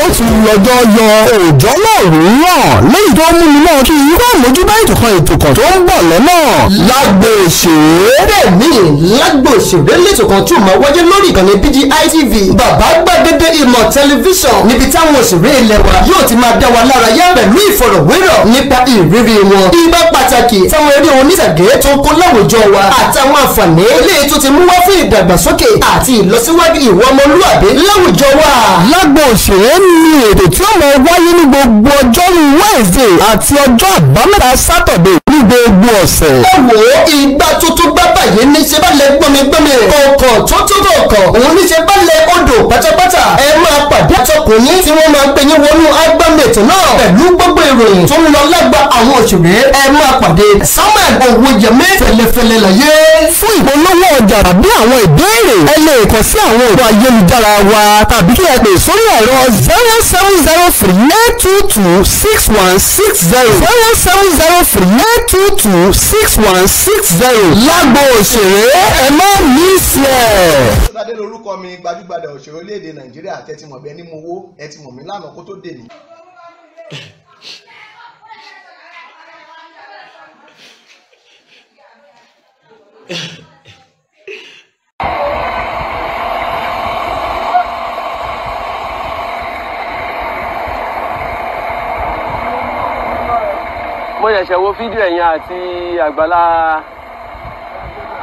wọ́n ti lọ́jọ́ yọ òòjọ́ náà rúràn lẹ́yìn tó múni náà kí irú àmójúbá ètò kan ètò kan tó ń bọ̀ lọ́nà. lágbo òṣèré bẹ́ẹ̀ ni lágbo òṣèré lẹ́tọ̀ kan tí ò máa wáyé lórí ìkànnì BGI TV bàbá gbàgede ìmọ̀ tẹlifíṣàn níbi táwọn òṣèré ilẹ̀ wa yóò ti máa dá wa lára yá pẹ̀lú ìfọ̀rọ̀wérọ̀ nípa ìrírí wọn. ibà pàtàkì táwọn eré oníṣàgé tó ń kó láwùjọ wa àtàwọn àǹfààní eléyìí tó ti mú wá ni ètò tí ó máa wáyé ní gbogbo ọjọ́rú Wednesday àti ọjọ́ àbámẹ́ta Saturday ní gbogbo ọ̀sẹ̀. ẹ wo ìgbà tuntun bábá báyìí ní ṣe bá lẹ gbọ́mi gbọ́mi kọ̀ọ̀kan tó tó kọ̀ọ̀kan òun ní bá lẹ odò pátápátá ẹ máa pàdé àtọkùnrin tí wọ́n máa gbé wọnú agbámẹ̀tẹ̀ náà pẹ̀lú gbogbo ìròyìn tó ń lọ lágbà àwọn òṣèré ẹ máa pàdé samuel owóyẹmí fẹlẹfẹlẹ láyé. fún ìpolówó ọjà tàbí àwọn ìbéèrè lágbo òṣèré ẹ má mí sí ẹ. sọ́dádé lorúkọ mi gbajúgbajà òṣèré orílẹ̀-èdè nàìjíríà tẹ́ ti mọ̀ bẹ́ẹ̀ ni mo wó ẹ ti mọ̀ mí lánàá kó tó dè mí. mo ṣẹ̀ṣẹ̀ wo fídíò ẹ̀yin àti àgbàlá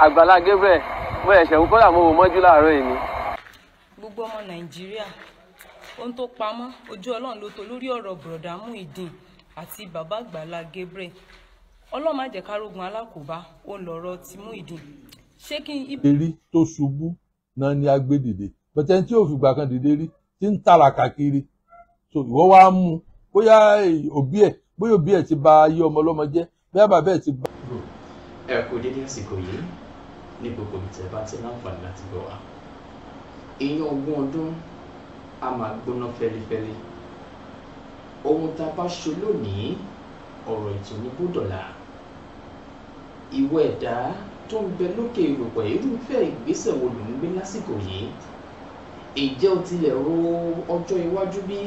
àgbàlá Gabriel mo ẹ̀ṣẹ̀ ń kọ́là mo wò mọ́jú láàárọ̀ yìí ni. gbogbo ọmọ nàìjíríà ohun tó pamọ́ ojú ọlọ́run ló tó lórí ọ̀rọ̀ bùrọ̀dá Muyideen àti bàbá àgbàlá Gabriel ọlọ́run má jẹ́ kárógun alákòóbá ó ń lọ̀rọ̀ ti Muyideen ṣé kí n. eré tó ṣubú náà ni a gbé dìde pẹ̀tẹ́ tí yóò fìgbà kan dìde rí ti ń tàràkà kiri so ìwọ wá mú bóyá òbí ẹ̀ bóyá òbí ẹ̀ ti bà ayé ọmọ ọlọ́mọ jẹ́ bóyá bàbá ẹ̀ ti bà. ẹ kú dédé àsìkò yìí ní gbogbo ìtẹ̀ bá ti láǹfààní láti gbọ́ wa. èèyàn ogún ọdún a máa gbóná fẹ́lifẹ́li ohun tá a bá ṣe lónìí ọ̀rọ̀ ìtùnú gbọ́dọ̀ là ìwọ ẹ̀dá tó ń bẹ lókè ìròpọ̀ irúfẹ́ ìgbésẹ̀ wo ló ń gbé lásìkò yìí ǹjẹ́ o tilẹ̀ ro ọjọ́ iwájú bí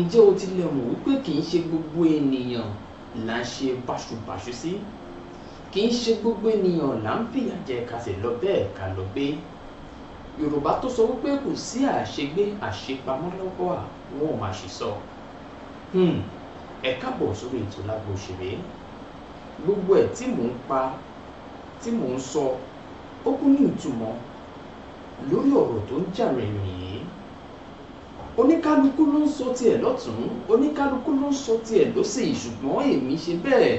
ǹjẹ́ o tilẹ̀ mọ̀ wípé kì í ṣe gbogbo ènìyàn là ń ṣe báṣubàṣu sí. Si? kì í ṣe gbogbo ènìyàn là ń fìyà jẹ ká sì lọ bẹ́ẹ̀ ká lọ gbé yorùbá tó sọ wípé kò sí àṣegbé àṣepamọ́ lọ́wọ́ à wọn ò máa ṣì sọ hmm, ẹ káàbọ̀ sórí ètò lágbo òṣèré gbogbo ẹ̀ tí mò ń pa tí mò ń sọ ó kún ní ìtumọ̀ lórí ọ̀rọ̀ tó ń jà rìnrìn yìí oníkálukú ló ń sọ tiẹ̀ lọ́tún oníkálukú ló ń sọ tiẹ̀ lọ́sẹ̀ ṣùgbọ́n èmi ṣe bẹ́ẹ̀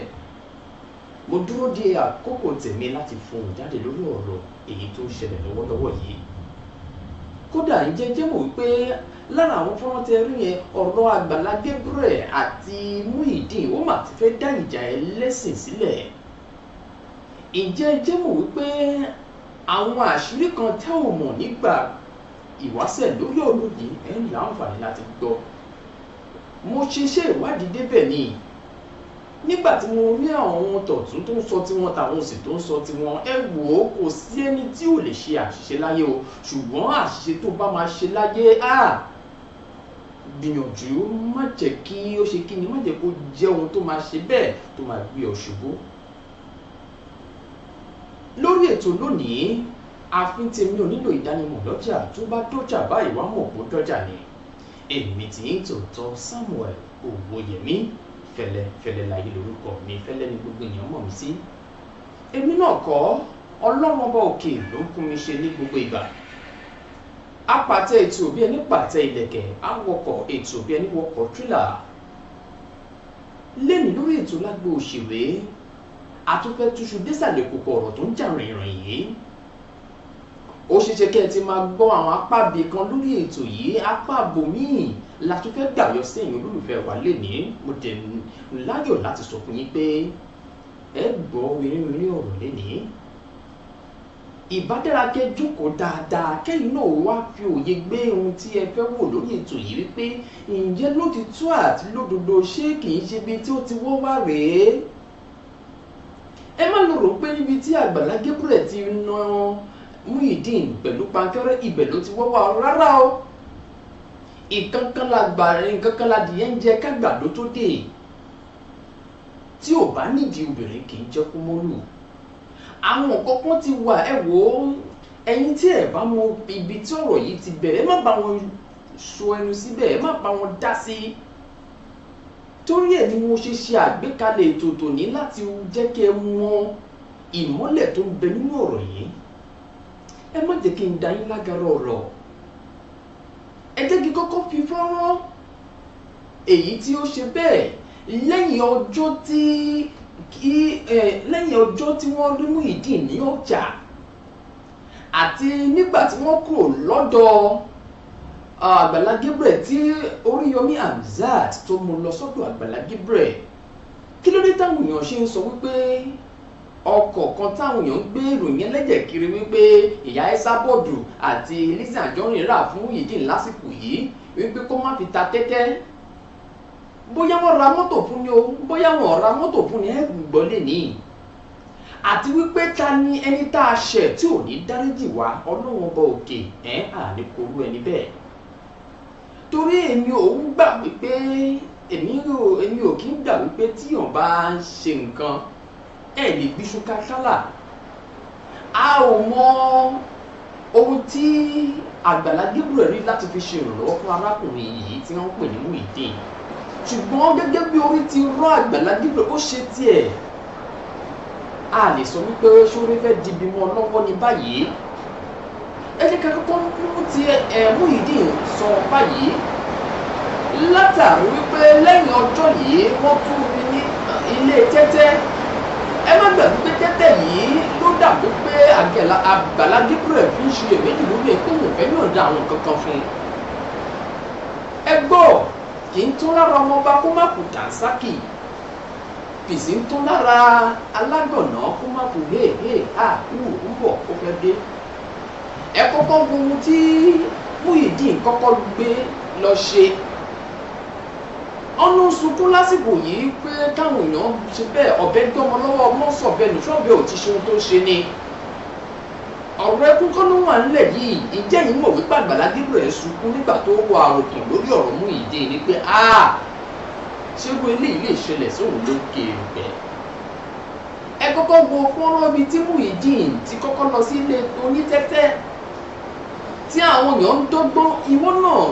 mo dúró de àkókò tèmi láti fohùn jáde lórí ọ̀rọ̀ èyí tó ń ṣẹlẹ̀ lọ́wọ́lọ́wọ́ yìí kódà ń jẹ́jẹ́ mọ̀ wípé lára àwọn fọ́nrán tẹ rí yẹn ọ̀rọ̀ Àgbàlá Gabriel àti Muyideen ó mà ti fẹ́ dá ìjà ẹlẹ́sìn sílẹ̀ ǹjẹ́ jẹ́ mọ̀ wípé àwọn àṣírí kan tẹ́ ò mọ̀ nígbà ìwáṣẹ̀ lórí ọ̀rọ̀ yìí ẹ̀ ń láǹfààní láti gbọ́ mo ṣe iṣẹ́ ìwádìí débẹ̀ ni nígbà tí mo rí àwọn tọ̀tún tó ń sọ tiwọn tàwọn òsì tó ń sọ tiwọn ẹ wò ó kò sí ẹni tí ò lè ṣe àṣìṣe láyé o ṣùgbọ́n àṣìṣe tó bá máa ṣe láyé á gbìyànjú má jẹ́ kí ó ṣe kí ni má jẹ́ kó jẹ́ ohun tó máa ṣe bẹ́ẹ̀ tó máa gbé ọ ṣubú. lórí ètò lónìí àfin tèmi ò nílò ìdánimọ̀ lọ́jà tó bá dọ́jà báyìí wá mọ̀ pé dọ́jà ni èmi tí ń tòótọ́ Samuel Owóyẹmí fẹlẹ fẹlẹ láyé lórúkọ mi fẹlẹ ni gbogbo èèyàn mọ̀ mí sí èmi náà kọ́ ọlọ́run ọba òkè ló kún mi ṣe ní gbogbo ìgbà apàtẹ ètò òbí ẹni pàtẹ ìlẹ̀kẹ̀ awọkọ̀ ètò òbí ẹni wọkọ̀ tírélà lẹ́nu lórí ètò lágbo òṣèré àtúfẹ́ túṣu désàlẹ̀ kòkò ọ̀rọ̀ tó ń jà rìnrìn yìí ó ṣeéṣe kẹ́ ẹ ti máa gbọ́ àwọn apá ibì kan lórí ètò yìí apá àbòmíì la tún fẹ́ gbàyọ sí ẹ̀yin olólùfẹ́ wa lénìí mo dẹ̀ láyọ̀ láti sọ fún yín pé ẹ gbọ́ wíríwírí ọ̀rọ̀ lénìí ìbádẹ́rakẹ́ jókòó dáadáa kẹ́yìn náà wá fi òye gbé ohun tí ẹ fẹ́ wò lórí ètò yìí wípé ǹjẹ́ ló ti tó àti lódodo ṣé kì í ṣe bí tí ó ti wọ́ wá rèé ẹ má lọ rò pé níbi tí àgbàlá Gabriel ti na Muyideen pẹ̀lú pankẹ́rẹ́ ibẹ̀ ló ti wọ́ wá rárá o ìkankanlá gbàrin ìkankanlá dìé ń jẹ kágbàdo tó dé tí ò bá nídìí obìnrin kì í jẹ́ kó mọ́lù àwọn kọ̀ọ̀kan ti wà ẹ wò ó ẹ̀yin tí ẹ bá mọ ibi tí ọ̀rọ̀ yìí ti bẹ̀rẹ̀ ẹ má bá wọn so ẹnu síbẹ̀ ẹ má bá wọn dá sí i torí ẹ̀ ni mo ṣe ṣe àgbékalẹ̀ ètò tòní láti jẹ́ kí ẹ mọ ìmọ́lẹ̀ tó ń bẹ nínú ọ̀rọ̀ yìí ẹ má jẹ́ kí n da yín lágara ọ̀rọ̀ ẹ jẹ́ kí kọ́kọ́ fi fọ́nrán èyí tí ó ṣe bẹ́ẹ̀ lẹ́yìn ọjọ́ tí kí lẹ́yìn ọjọ́ tí wọ́n rí Muyideen ní ọjà àti nígbà tí wọ́n kúrò lọ́dọ̀ Àgbàlá Gabriel tí Oríyọmí Hamzat tó mú lọ sọ́dọ̀ Àgbàlá Gabriel kí ló dé táwọn èèyàn ṣe ń sọ wípé ọkọ̀ kan táwọn èèyàn ń gbé ìròyìn ẹlẹ́jẹ̀ kiri wípé ìyá ẹ́sà bọ́ọ̀dù àti Lizzy Anjorin rà fún Muyideen lásìkò yìí wípé kó má fi ta tẹ́tẹ́ bóyá wọ́n ra mọ́tò fún ni o bóyá wọ́n ra mọ́tò fún ni ẹ̀gùn gbọ́lé ni àti wípé ta ni ẹni tá a ṣẹ̀ tí ò ní dáríjì wá ọlọ́run ọba òkè ẹ̀ àní korú ẹni bẹ́ẹ̀ torí èmi ò ń gbà wípé èmi ò kí ń gbà wípé tíyàn bá ń ṣe nǹkan ẹ lè gbíṣu kákálà a ò mọ ohun tí Àgbàlá Gabriel rí láti fi ṣe ìrànlọ́wọ́ fún arákùnrin yìí tí wọ́n pè ní Muyideen ṣùgbọ́n gẹ́gẹ́ bí orí ti rọ́ Àgbàlá Gabriel ó ṣe tiẹ̀ a lè sọ wípé ṣórí fẹ́ dibi mọ́ lọ́wọ́ ní báyìí ẹ jẹ́ ká kọ́kọ́ mú ti ẹ̀ Muyideen sọ báyìí látàrí wípé lẹ́yìn ọjọ́ yìí wọ́n tún ní ilé tẹ́tẹ́ ẹ má gbàgbé pé tẹ́tẹ́ yìí ló dàbí pé Àgbàlá Gabriel fi ń ṣe èméjì lórí ẹ̀kọ́ òun fẹ́ yóò da àwọn kankan fún un. ẹ gbọ́ kì í tún lára ọmọọba kó má kú dànsákì kìsì ń tún lára alágbọ̀nà kó má kú héèhé à wù ú bọ̀ kó fẹ́ dé. ẹ kọ́kọ́ wo tí Muyideen kọ́kọ́ gbé lọ ṣe ọ̀nà sunkún lásìkò yìí pé táwọn èèyàn ṣe bẹ́ẹ̀ ọ̀bẹ gbọ́mọ lọ́wọ́ ọmọ sọ̀bẹ nù sọ́bẹ ò ti ṣe ohun tó ṣe ni ọ̀rọ̀ ẹkún kọ́ ló wà nílẹ̀ yìí ìjẹ́ yìí mọ̀ wípé Àgbàlá Gabriel sunkún nígbà tó wọ àròkàn lórí ọ̀rọ̀ Muyideen ni pé a ṣégbó eléyìí lè ṣẹlẹ̀ sóun lókè rẹ̀ ẹ kọ́kọ́ wo fọ́nrán ibi tí Muyideen ti kọ́kọ́ lọ sí ilé onítẹ́tẹ́ tí àwọn èèyàn ń dọ́gbọ́n ìwọ náà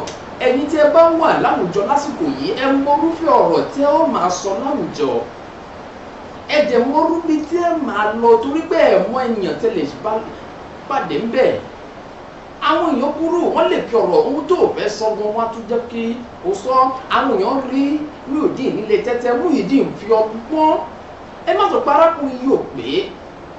ẹ̀yin tí ẹ bá wà láwùjọ lásìkò yìí ẹ mọrúfẹ́ ọ̀rọ̀ tí ẹ ó máa sọ láwùjọ ẹ dẹ̀ mọrúbi tí ẹ máa lọ torí pé ẹ mọ èèyàn tẹ́lẹ̀ pàdé ń bẹ̀ àwọn èèyàn burú wọn lè fi ọ̀rọ̀ ohun tó fẹ́ sọ gan wá tún jẹ́ kí o sọ àwọn èèyàn rí Muyideen nílé tẹ́tẹ́ Muyideen fi ọgbọ́n ẹ má sọ pé arákùnrin yóò pé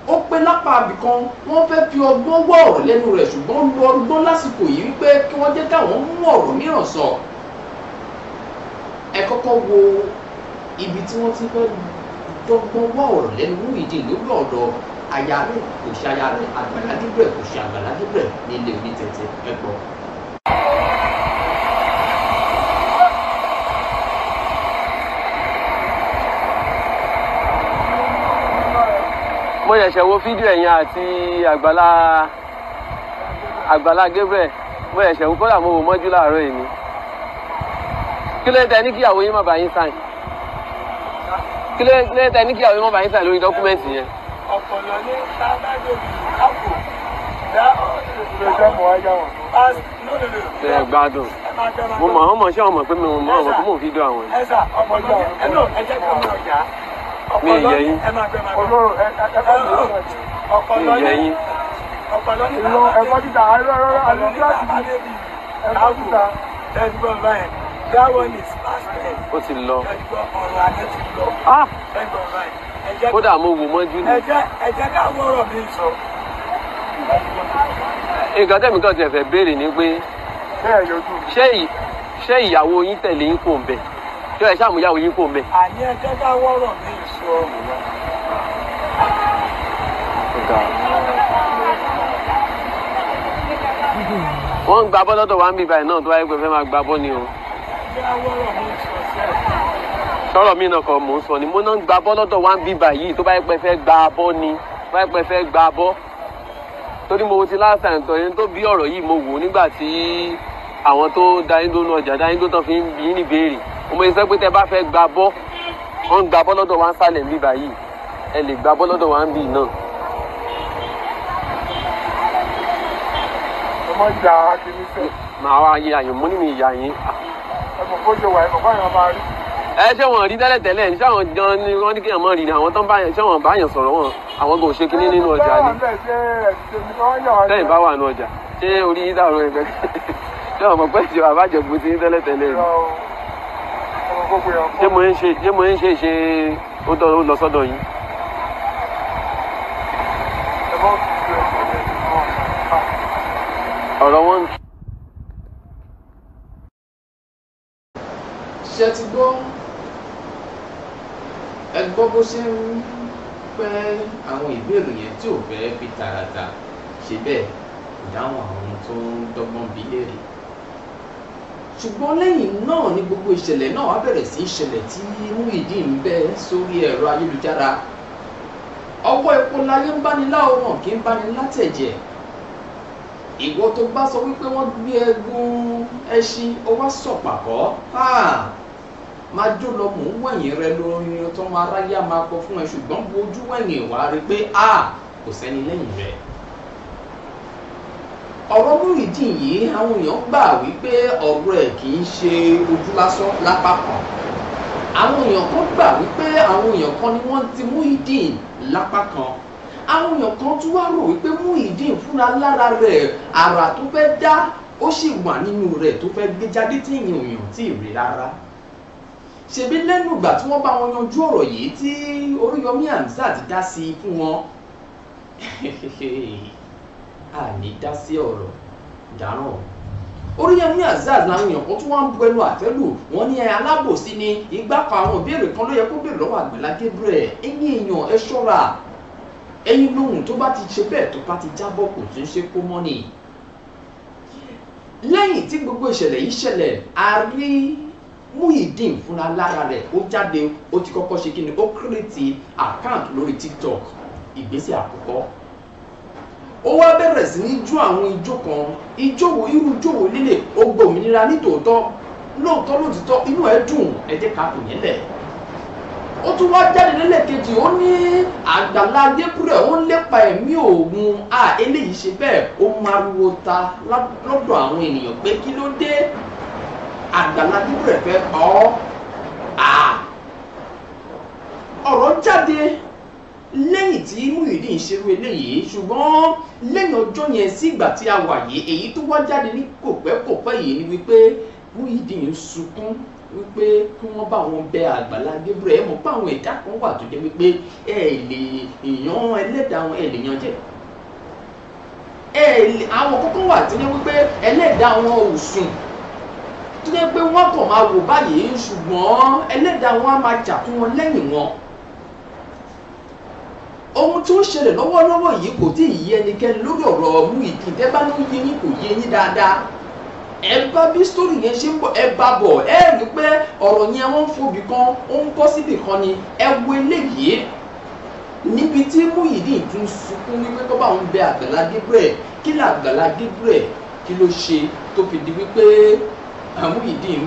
ó pé lápá abìkan wọ́n fẹ́ fi ọgbọ́n wọ ọ̀rọ̀ lẹ́nu rẹ̀ ṣùgbọ́n lu ọgbọ́n lásìkò yìí wípé kí wọ́n jẹ́ káwọn mú ọ̀rọ̀ mìíràn sọ ẹ kọ́kọ́ wo ibi tí wọ́n ti fẹ́ dọ́gbọ́n wọ ọ̀rọ̀ lẹ́nu Muyideen lórí ọ̀dọ̀ aya rẹ̀ kò ṣe aya rẹ̀ Àgbàlá Gabriel kò ṣe Àgbàlá Gabriel nílé onítẹ̀tẹ̀ ẹ̀gbọ́n. mo ṣẹ̀ṣẹ̀ wo fídíò ẹ̀yìn àti àgbàlá àgbàlá Gabriel mo ṣẹ̀ṣẹ̀ wo kódà mo wò mọ́jú láàárọ̀ yìí ni kí ló tẹ ní kíyàwó yín má bàa yín sáìn kí ló tẹ ní kíyàwó yín má bàa yín sáìn lórí dọ́kúmẹ́ǹtì yẹn. ọ̀pọ̀lọ ní sábàjọ́ àpò dá ọ̀rẹ́dẹ́ mọ̀ ẹ́yà wọn. ẹ gbádùn mo mọ̀ ọ́n mọ̀ ṣé ọmọ pé mo mọ̀ ọ́n mọ̀ pé mo fi dọ́ àwọn. ẹ sà ọmọ ọjà ẹ náà ẹ jẹ́ kí ọmọ ọjà mi yẹ yín mi yẹ yín. ìlọ ti lọ. Ah! kódà mo wò mọ́jú ni. nǹkan tẹ̀mí kan ti ẹ̀fẹ̀ béèrè ni pé ṣé ìyàwó yín tẹ̀lé yín kò ń bẹ̀ ṣé ẹ ṣáà mú yàwó yín kó mbẹ. àní ẹjọ́ bá wọ́rọ̀ mi sọ wọ́n ń gba bọ́ lọ́dọ̀ wa bí báyìí náà tó wáyé pé fẹ́ máa gba bọ́ ni o. sọ̀rọ̀ mi náà mò ń sọ ni mo náà ń gba bọ́ lọ́dọ̀ wa bí báyìí tó báyé pé fẹ́ gba bọ́ ni tó báyé pé fẹ́ gba bọ́. torí mo ti last time tọ̀ yẹn tó bí ọ̀rọ̀ yìí mo wò nígbà tí àwọn tó dá yín ọjà dá yín fi ń bí ní béèrè mo sọ pé tẹ bá fẹ́ gba bọ́ wọ́n ń gba bọ́ lọ́dọ̀ wa ń sálẹ̀ níbí báyìí ẹ lè gba bọ́ lọ́dọ̀ wa ń bì náà. ọmọ ìjà kìíní sẹ. màá wá yé àyàn mú nínú ìyá yín. ẹ mọ̀ kó jọ wà ẹ mọ̀ báyọ̀ máa rí. ẹ ṣé wọn rí tẹ́lẹ̀ tẹ́lẹ̀ ṣé àwọn gan ni wọ́n ní kí àwọn rí ni àwọn tó ń báyàn ṣé wọn báyàn sọ̀rọ̀ wọn àwọn kò ṣe kinní nínú ọjà ni. tẹ́yìn bá wà nínú ọjà ṣé orí yín dàrú ẹ̀fẹ́ ṣé wọn mọ̀ pẹ́ ṣe àbájọ gbòsí tẹ́lẹ̀ ṣé mo ń ṣe ṣé mo ń ṣe ṣe ó tọ́ ó lọ sọ́dọ̀ yín. ọ̀rọ̀ wọn. ṣe ti gbọ́ ẹ gbọ́ bó ṣe ń pẹ́ àwọn ìbéèrè yẹn tí ò fẹ́ fi tààràtà ṣe bẹ́ẹ̀ dáhùn àwọn tó ń dọ́gbọ́n bí léèrè ṣùgbọ́n lẹ́yìn náà ni gbogbo ìṣẹ̀lẹ̀ náà wá bẹ̀rẹ̀ sí í ṣẹlẹ̀ tí Muyideen ń bẹ sórí ẹ̀rọ ayélujára ọwọ́ epo láyé ń bánilá ọ̀ràn kì í bánilá tẹ̀jẹ̀ ìwọ tó bá sọ wípé wọ́n gbé ẹgún ẹṣin ó wá sọ̀pàkọ́ máa jó lọ mò ń wẹ̀yìn rẹ lórin tó máa ráyà máa kọ fún ẹ ṣùgbọ́n bójú wẹ̀yìn wá rí pé kò sẹ́ni lẹ́yìn rẹ̀ ọ̀rọ̀ Muyideen yìí àwọn èèyàn gbà wípé ọ̀rọ̀ ẹ̀ kì í ṣe ojú lásán lápá kan àwọn èèyàn kan gbà wípé àwọn èèyàn kan ni wọ́n ti Muyideen lápá kan àwọn èèyàn kan tún wá rò wípé Muyideen fúnra lára rẹ̀ àrà tó fẹ́ dá ó sì wà nínú rẹ̀ tó fẹ́ gbé jáde tí èèyàn èèyàn tí ì rí rárá ṣebí lẹ́nu ìgbà tí wọ́n bá wọn yanjú ọ̀rọ̀ yìí tí Oríyọmí Hamzat dá sí i fún wọn àní dá sí ọ̀rọ̀ dáràn Oríyọmí Azeez làwọn èèyàn kan tún wá ń bu ẹnu àtẹ́lù wọn ní alábòsí ni igbákọ àwọn ìbéèrè kan ló yẹ kó béèrè lọ́wọ́ Àgbàlá Gabriel ẹ̀yin èèyàn ẹ ṣọ́ra ẹ̀yin lóhùn tó bá ti ṣe bẹ́ẹ̀ tó bá ti jábọ̀ kò tún ṣe kó mọ́ ni. lẹ́yìn tí gbogbo ìṣẹ̀lẹ̀ yìí ṣẹlẹ̀ a rí Muyideen fúnra lára rẹ̀ ó jáde ó ti kọ́kọ́ ṣe kí ni ó kírètì àkáǹtì lórí TikTok ìgbésẹ̀ àkọ́kọ́ ó wá bẹ̀rẹ̀ sí ní jó àwọn ijó kan ijówo irú ijówo líle ó gba òmìnira nítòótọ́ lóòótọ́ lóòtítọ́ inú ẹ̀ dùn ẹ jẹ́ ká kò yẹn lẹ̀ ó tún wá jáde lẹ́lẹ́kejì ó ní àgbàlá débúrẹ̀ ó ń lépa ẹ̀mí òògùn a eléyìí ṣe bẹ́ẹ̀ ó mariwo ta lọ́dọ̀ àwọn ènìyàn pé kí ló dé àgbàlá débúrẹ̀ fẹ́ ọ́ ọ̀rọ̀ jáde lẹ́yìn tí Muyideen ṣerú eléyìí ṣùgbọ́n lẹ́yìn ọjọ́ yẹn sí ìgbà tí a wà yìí èyí tó wá jáde ní kò pẹ́ kò pẹ́ yìí ni wípé Muyideen ń sunkún wípé kí wọ́n bá wọn bẹ Àgbàlá Gabriel ẹ mọ̀ pé àwọn ẹ̀dá kan wà tó jẹ́ wípé ẹ lè yan ẹlẹ́dàá wọn ẹ lè yan jẹ ẹ lè àwọn kókó wà tó jẹ́ wípé ẹlẹ́dàá wọn ò sùn tó jẹ́ pé wọ́n kàn máa wò báyìí ṣùgbọ́n ẹlẹ́dàá wọn á máa jà fún wọn lẹ́yìn wọn ohun tó ń ṣẹlẹ̀ lọ́wọ́lọ́wọ́ yìí kò tí ì yé ẹnikẹ́ni lórí ọ̀rọ̀ Muyideen tẹ́ bá ní ó yé yín kò yé yín dáadáa ẹ bá bí sítórì yẹn ṣe ń bọ̀ ẹ bá bọ̀ ẹ rí pé ọ̀rọ̀ yẹn wọ́n ń fobì kan ó ń bọ́ síbì kan ni ẹ wo eléyìí níbi tí Muyideen tún sunkún wípé tó bá ń bẹ Àgbàlá Gabriel kí ni Àgbàlá Gabriel kí ló ṣe tó fi di wípé Muyideen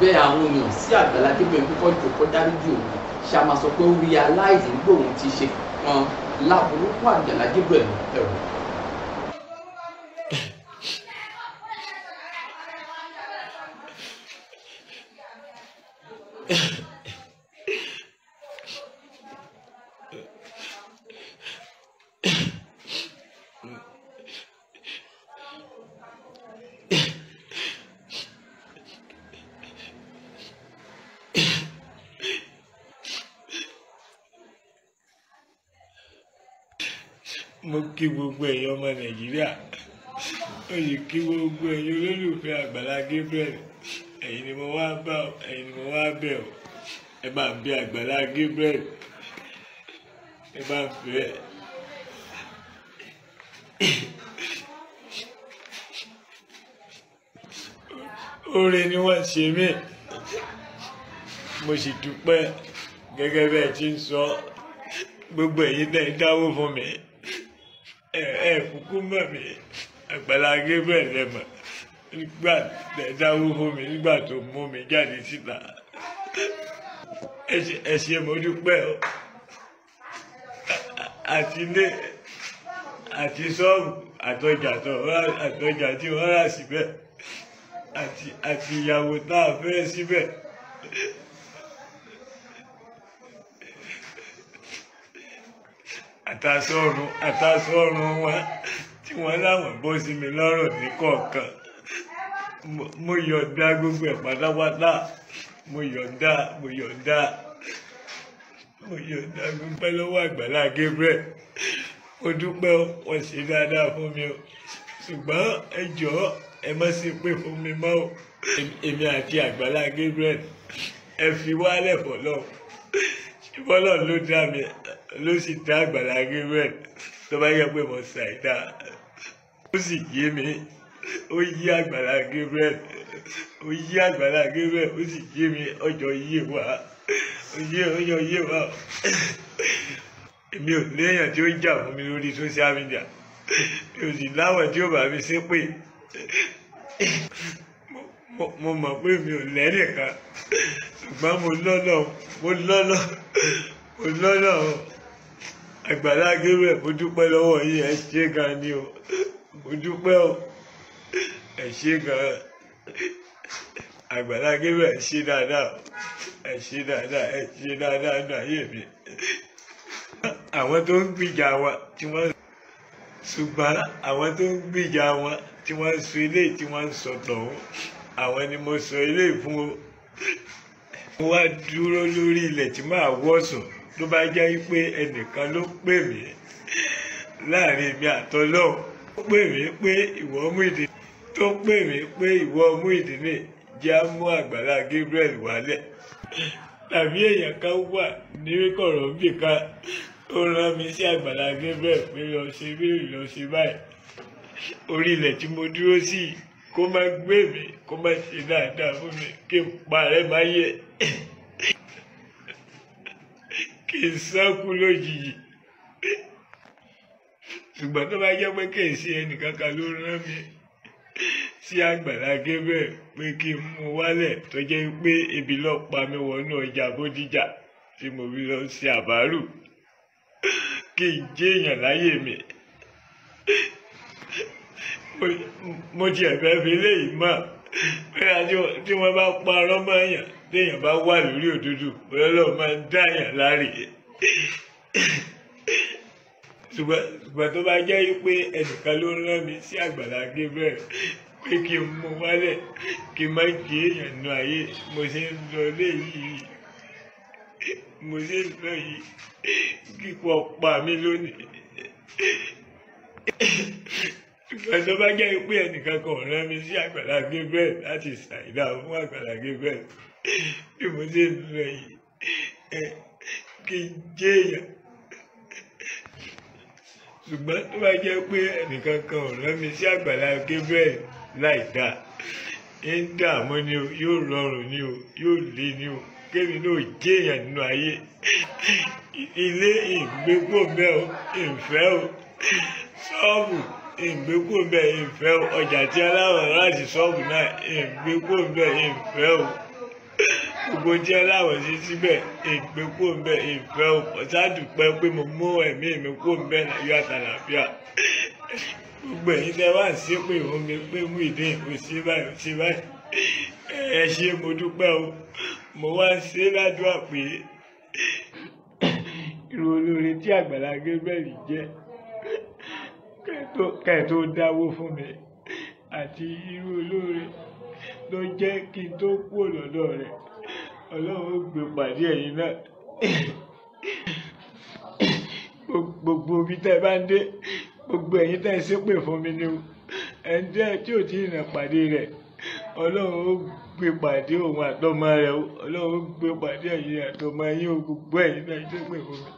bẹ àwọn èèyàn sí Àgbàlá Gabriel kíkọ́ jòkó dáríjì òun ṣàmàsọ pé ó realize nígbà òun ti ṣe kan láburúkú àjàlá Gabriel ẹ̀rù. Yeah. kí gbogbo ẹ̀yin ọmọ nàìjíríà ó sì kí gbogbo ẹ̀yin olólùfẹ́ àgbàlá Gabriel ẹ̀yin ni mo wá bá ẹ̀yin ni mo wá bẹ̀ ọ́ ẹ bá bí àgbàlá Gabriel ẹ bá fẹ́ oore ni wọ́n ṣe mí mo sì dúpẹ́ gẹ́gẹ́ bẹ́ẹ̀ ti ń sọ gbogbo ẹ̀yin náà dáwó fún mi kúkú mọ̀ mí Àgbàlá Gabriel lẹ́mọ̀ nígbà tẹ̀dáwó fún mi nígbà tó mú mi jáde síta ẹ ṣé mo dúpẹ́ o àti ilé àti ṣọ́ọ̀bù àtọjà àtọjà tí wọ́n rà síbẹ̀ àti ìyàwó tá a fẹ́ síbẹ̀. àtàsọ́run àtàsọ́run wọn tí wọ́n láwọn bó sí mi lọ́rùn ní kọ̀ọ̀kan mo yọ̀ǹda gbogbo ẹ̀ pátápátá mo yọ̀ǹda mo yọ̀ǹda mo yọ̀ǹda gbogbo lọ́wọ́ Àgbàlá Gabriel mo dúpẹ́ wọ́n ṣe dáadáa fún mi o ṣùgbọ́n ẹ jọ̀ọ́ ẹ má ṣe pé fún mi mọ́ o èmi àti Àgbàlá Gabriel ẹ fi wálẹ̀ fọlọ́ ṣùgbọ́n náà ló dá mi ló sì dá Àgbàlá Gabriel tó bá yẹ pé mo ṣàìdá ó sì yé mi ó yí Àgbàlá Gabriel ó yí Àgbàlá Gabriel ó sì yé mi ọjọ́ yé wa ọjọ́ ọjọ́ yé wa èmi ò léèyàn tí ó jà fún mi lórí social media mi ò sì láwọn tí ó bá mi ṣépè mo mọ̀ pé mi ò lẹ́nìkan ṣùgbọ́n mo lọ́nà mo lọ́nà mo lọ́nà o. Àgbàlá Gabriel mo dúpẹ́ lọ́wọ́ yín ẹ ṣé gan ni o mo dúpẹ́ o ẹ ṣé gan Àgbàlá Gabriel ẹ ṣé dáadáa ẹ ṣé dáadáa ẹ ṣé dáadáa nínú ayé mi àwọn tó ń gbìjà wa tí wọ́n ṣùgbọ́n àwọn tó ń gbìjà wa tí wọ́n sọ ilé tí wọ́n ń sọ tọ̀hún àwọn ni mo sọ ilé fún o mo wá dúró lórí ilẹ̀ tí màá wọ̀ sùn tó bá jẹ́ pé ẹnìkan ló pè mí láàrin mi àtọ́lọ́ ó pè mí pé ìwọ Muyideen tó pè mí pé ìwọ Muyideen jẹ́ á mú Àgbàlá Gabriel wálẹ̀ tàbí èèyàn kan wà ní kọ̀rọ̀ bìkan tó rán mi sí Àgbàlá Gabriel pé lọ ṣe bẹ́ẹ̀ lọ ṣe báyìí orí ilẹ̀ tí mo dúró sí kó má gbé mi kó má ṣe dáadáa fún mi kí n parẹ́ má yẹ kì í sáku lójijì ṣùgbọ́n tó bá jẹ́ pé kì í ṣe ẹnìkankan ló rán mi sí Àgbàlá Gabriel pé kí n mú wálẹ̀ tó jẹ́ pé ebi ló pa mi wọnú ọjà Bódìjà tí mo fi lọ ṣe àbárù kí n jẹ́ èèyàn láyé mi mo tiẹ̀ fi léyìí mọ́ bí wọ́n bá parọ́ mọ́ èèyàn téèyàn bá wà lórí òdodo ọlọ́run máa ń dáyàn láre ṣùgbọ́n tó bá jẹ́ pé ẹnìkan ló rán mi sí àgbàlá Gabriel pé kí n mú wálẹ̀ kí n má jẹ́ èèyàn nu ayé mo ṣe ń lọ léyìí mo ṣe ń lọ yìí kíkọ́ pa mí lónìí ṣùgbọ́n tó bá jẹ́ pé ẹnìkan kan rán mi sí àgbàlá Gabriel láti ṣàìdá fún àgbàlá Gabriel bí mo ṣe ń sọ yìí kí n jẹ́ èèyàn ṣùgbọ́n tó bá jẹ́ pé ẹnìkan kan ò rán mi sí àgbàlá Gabriel láì dáa ń dààmú ni o yóò rọrùn ni o yóò le ni o kémi náà jẹ́ èèyàn nínú ayé ilé ìgbégbò bẹ́ẹ̀ o ìfẹ́ o ṣọ́ọ̀bù ìgbégbò bẹ́ẹ̀ ìfẹ́ o gbogbo tí ẹ láwọn sí síbẹ̀ èpè kó ń bẹ ìfẹ́ ọ̀pọ̀ sádùpẹ́ pé mo mú ẹ̀mí mi kó ń bẹ láyọ̀ àtàlàfíà gbogbo ẹ̀yin tẹ́ wá sí pé òun mi pé mú ìdí ìkó sí báyìí sí báyìí ẹ ṣe mo dúpẹ́ o mo wá ṣe ládùúgbà pé irú olóore tí Àgbàlá Gabriel jẹ́ kẹ́ẹ̀ dáwó fún mi àti irú olóore. ló jẹ́ kí n tó kú lọ́dọ̀ rẹ̀ ọlọ́run ó pàdé ẹ̀yìn náà gbogbo ibi tẹ́ ẹ bá ń dé gbogbo ẹ̀yin tẹ́ ẹ ṣépè fún mi ni o ẹ̀ tí ò tí ì rìn pàdé rẹ̀ ọlọ́run ó gbé pàdé òun àtọmọ rẹ̀ o ó gbé pàdé ẹ̀yin àtọmọ ẹ̀yin o gbogbo ẹ̀yin tẹ́ ẹ ṣépè fún mi.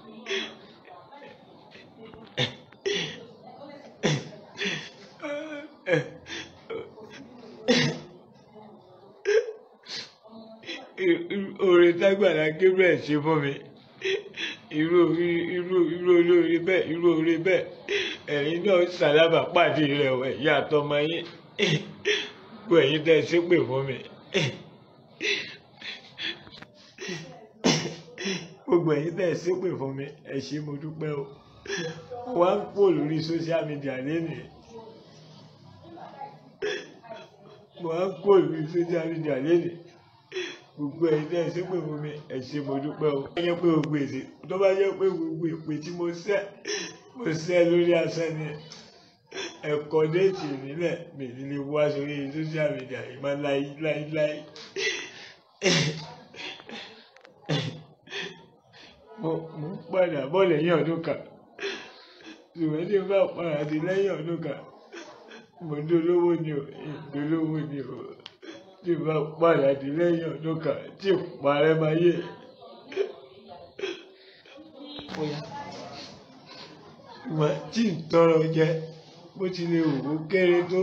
tágbàlá Gabriel ṣe fún mi irú irú irú olóore bẹ́ẹ̀ irú oore bẹ́ẹ̀ ẹ̀yin náà ṣàlábà pàdé rẹ̀ ọ̀ ẹ̀yà àtọmọ yín gbọ́ ẹ̀yin tẹ́ ẹ ṣépè fún mi gbogbo ẹ̀yin tẹ́ ẹ ṣépè fún mi ẹ ṣé mo dúpẹ́ o wá ń pò lórí social media lénìí wá ń pò lórí social media lénìí gbogbo ẹ̀ tẹ́ ẹ ṣe pé fún mi ẹ ṣé mo dúpẹ́ o. tó bá yẹ pé gbogbo èsì tó bá yẹ pé gbogbo ìpè tí mo ṣẹ́ mo ṣẹ́ lórí asán ni ẹ̀kọ́ déètì nílẹ̀ mi nílé wá sórí social media yìí máa láyé láyé láyé. mo mo ń padà bọ̀ lẹ́yìn ọdún kan ṣùgbọ́n tí n bá padà sí lẹ́yìn ọdún kan mo dolówó ni o dolówó ni o tí ìbá padà dé lẹ́yìn ọdún kan tí ìparẹ́ máa yé. ìgbà tí ń tọrọ jẹ bó ti lè wò ó kéré tó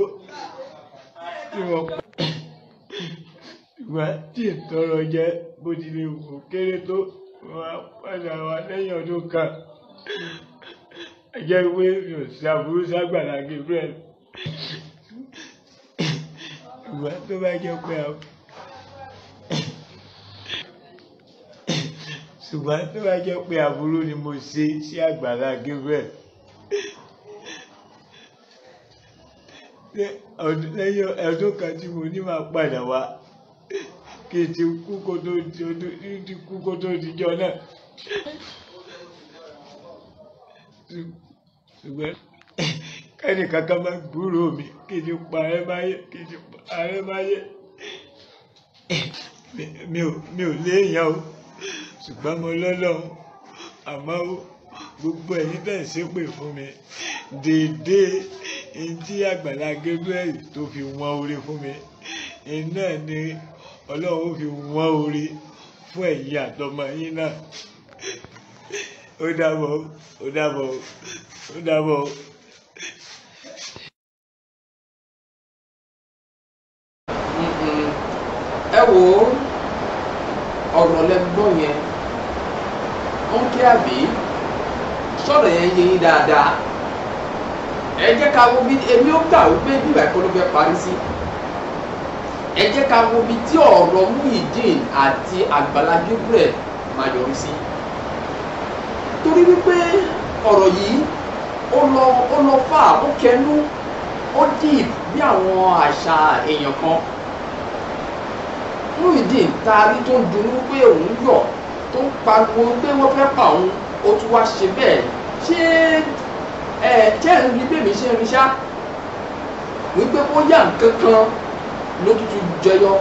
ìgbà tí ń tọrọ jẹ bó ti lè wò ó kéré tó wà padà wà lẹ́yìn ọdún kan. ẹ jẹ́ pé mi ò ṣàbùrú ságbàlá Gabriel wá tó bá jẹ́ pé àwọn ṣùgbọ́n tó bá jẹ́ pé àbúrò ni mo ṣe sí àgbàlá Gabriel lẹ́yìn ọdún kan tí mo ní máa padà wá kí n ti kú kó tó dijọ́ náà ẹnìkankan máa gbúrò mi kí ni pa ẹ báyé kí ni pa ẹ báyé mi ò léèyàn o ṣùgbọ́n mo lọ́lọ́run àmọ́ o gbogbo ẹ̀yin tẹ̀ ń ṣépè fún mi dèédé ní tí Àgbàlá Gabriel tó fi wọ́n orí fún mi iná ni Ọlọ́run ó fi wọ́n orí fún ẹ̀yin àtọmọ yín náà ó dàbọ̀ ó dàbọ̀ ó dàbọ̀. ọ̀rọ̀ lẹ́gbọ́n yẹn ó ń kí àbí sọ̀rọ̀ yẹn yé yín dáadáa ẹ jẹ́ ká wo bí èmi ó gbà wípé bíbá ẹ̀kọ́ ló fẹ́ parí sí ẹ jẹ́ ká wo bí tí ọ̀rọ̀ Muyideen àti Àgbàlá Gabriel máa yọrí sí torí wípé ọ̀rọ̀ yìí ó lọ ó lọ fà ó kẹnu ó dìb bí àwọn àṣà èèyàn kan Muyideen taari tó ń dunnú pé òun yọ̀ tó ń pariwo pé wọ́n fẹ́ pa òun ó tún wá ṣe bẹ́ẹ̀ ṣé ẹ tẹ́ ń rí bèmí ṣe ń ṣá wípé bóyá nǹkan kan ló tútù jẹyọ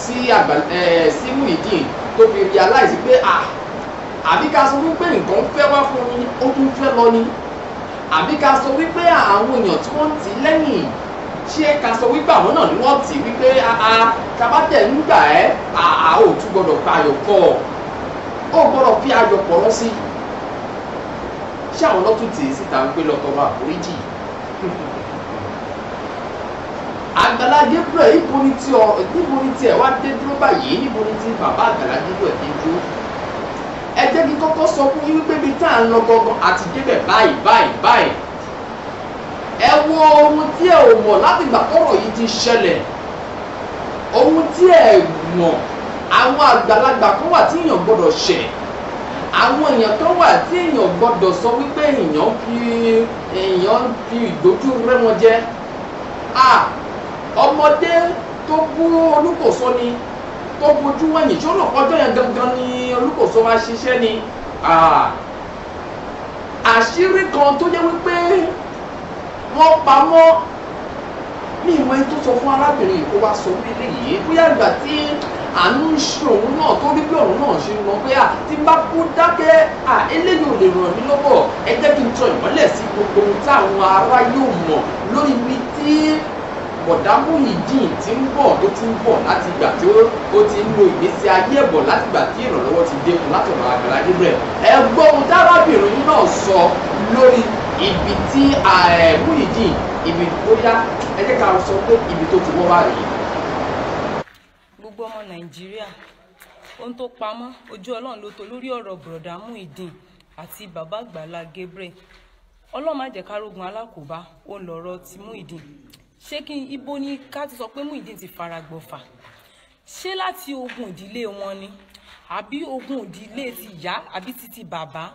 sí àgbà ẹ tó fi realize pé à àbí ká sọ wípé nǹkan fẹ́ wá fún mi ó tún fẹ́ lọ ni àbí ká sọ wípé àwọn èèyàn tí wọ́n ti lẹ́yìn ṣé ká sọ wípé àwọn náà ni wọ́n tì wípé ah, ah, tabátẹ̀ ń gbà ẹ́ àá ò tún gbọ́dọ̀ pa ayọ̀ kọ́ ọ ò gbọ́dọ̀ fi ayọ̀ pọ̀ rọ́ sí ṣé àwọn lọ́tún tì í síta wípé lọ́tọ́ wa àforíjì àgbàlá Gabriel níbo ni tí ọ níbo ni tí ẹ wá dé dúró báyìí níbo ni tí bàbá àgbàlá Gabriel dé dúró ẹ jẹ́ kí kọ́kọ́ sọ fún yín wípé bí tá à ń lọ gangan àti débẹ̀ báyìí báyìí báyìí ẹ wo ohun tí ẹ ò mọ̀ láti gbà kọ́rọ̀ yìí ti ṣẹlẹ̀ ohun tí ẹ mọ̀ àwọn àgbàlagbà kan wà tí èèyàn gbọ́dọ̀ ṣẹ̀ àwọn èèyàn kan wà tí èèyàn gbọ́dọ̀ sọ wípé èèyàn fi èèyàn fi ìdójú rẹ wọn jẹ à ọmọdé tó kú olùkóso ni tó bojú wẹ̀yìn tí ó lọ kọjọ́ yẹn gangan ni olùkóso wa ṣiṣẹ́ ni àṣírí kan tó jẹ́ wípé wọ́n pamọ́ ní ìmọ̀ ẹni tó sọ fún arábìnrin kó wá sọ mí léyìí bóyá ìgbà tí àánú ń ṣe òun náà tó rí bí òun náà ṣe ń lọ pé à tí n bá kú dákẹ́ à eléyìí ò lè ràn mí lọ́wọ́ ẹ jẹ́ kí n tọ ìmọ́lẹ̀ sí gbogbo ohun táwọn ará yóò mọ̀ lórí mi tí bọ̀dámù ìdín ti ń bọ̀ tó ti ń bọ̀ láti ìgbà tí ó ti ń lo ìgbésí ayé ẹ̀bọ̀ láti ìgbà tí ìrànlọ́wọ́ ti dẹ́kun látọ̀dọ̀ àgbàlá ẹ gbọ́ ohun tábàbìnrin ibi tí Muyideen ibi bóyá ẹ jẹ́ ká sọ pé ibi tó ti wọ́ wà rèé. gbogbo ọmọ nàìjíríà ohun tó pamọ́ ojú ọlọ́run ló tó lórí ọ̀rọ̀ bùrọ̀dá Muyideen àti bàbá àgbàlá Gabriel ọlọ́run má jẹ́ alákòóbá ó ń lọ́rọ̀ ti Muyideen ṣé kí ibo ni ká ti sọ pé Muyideen ti fara gbọ̀fà ṣé láti ogun ìdílé wọn ni àbí ogún òdílé ti ìyá àbí titi bàbá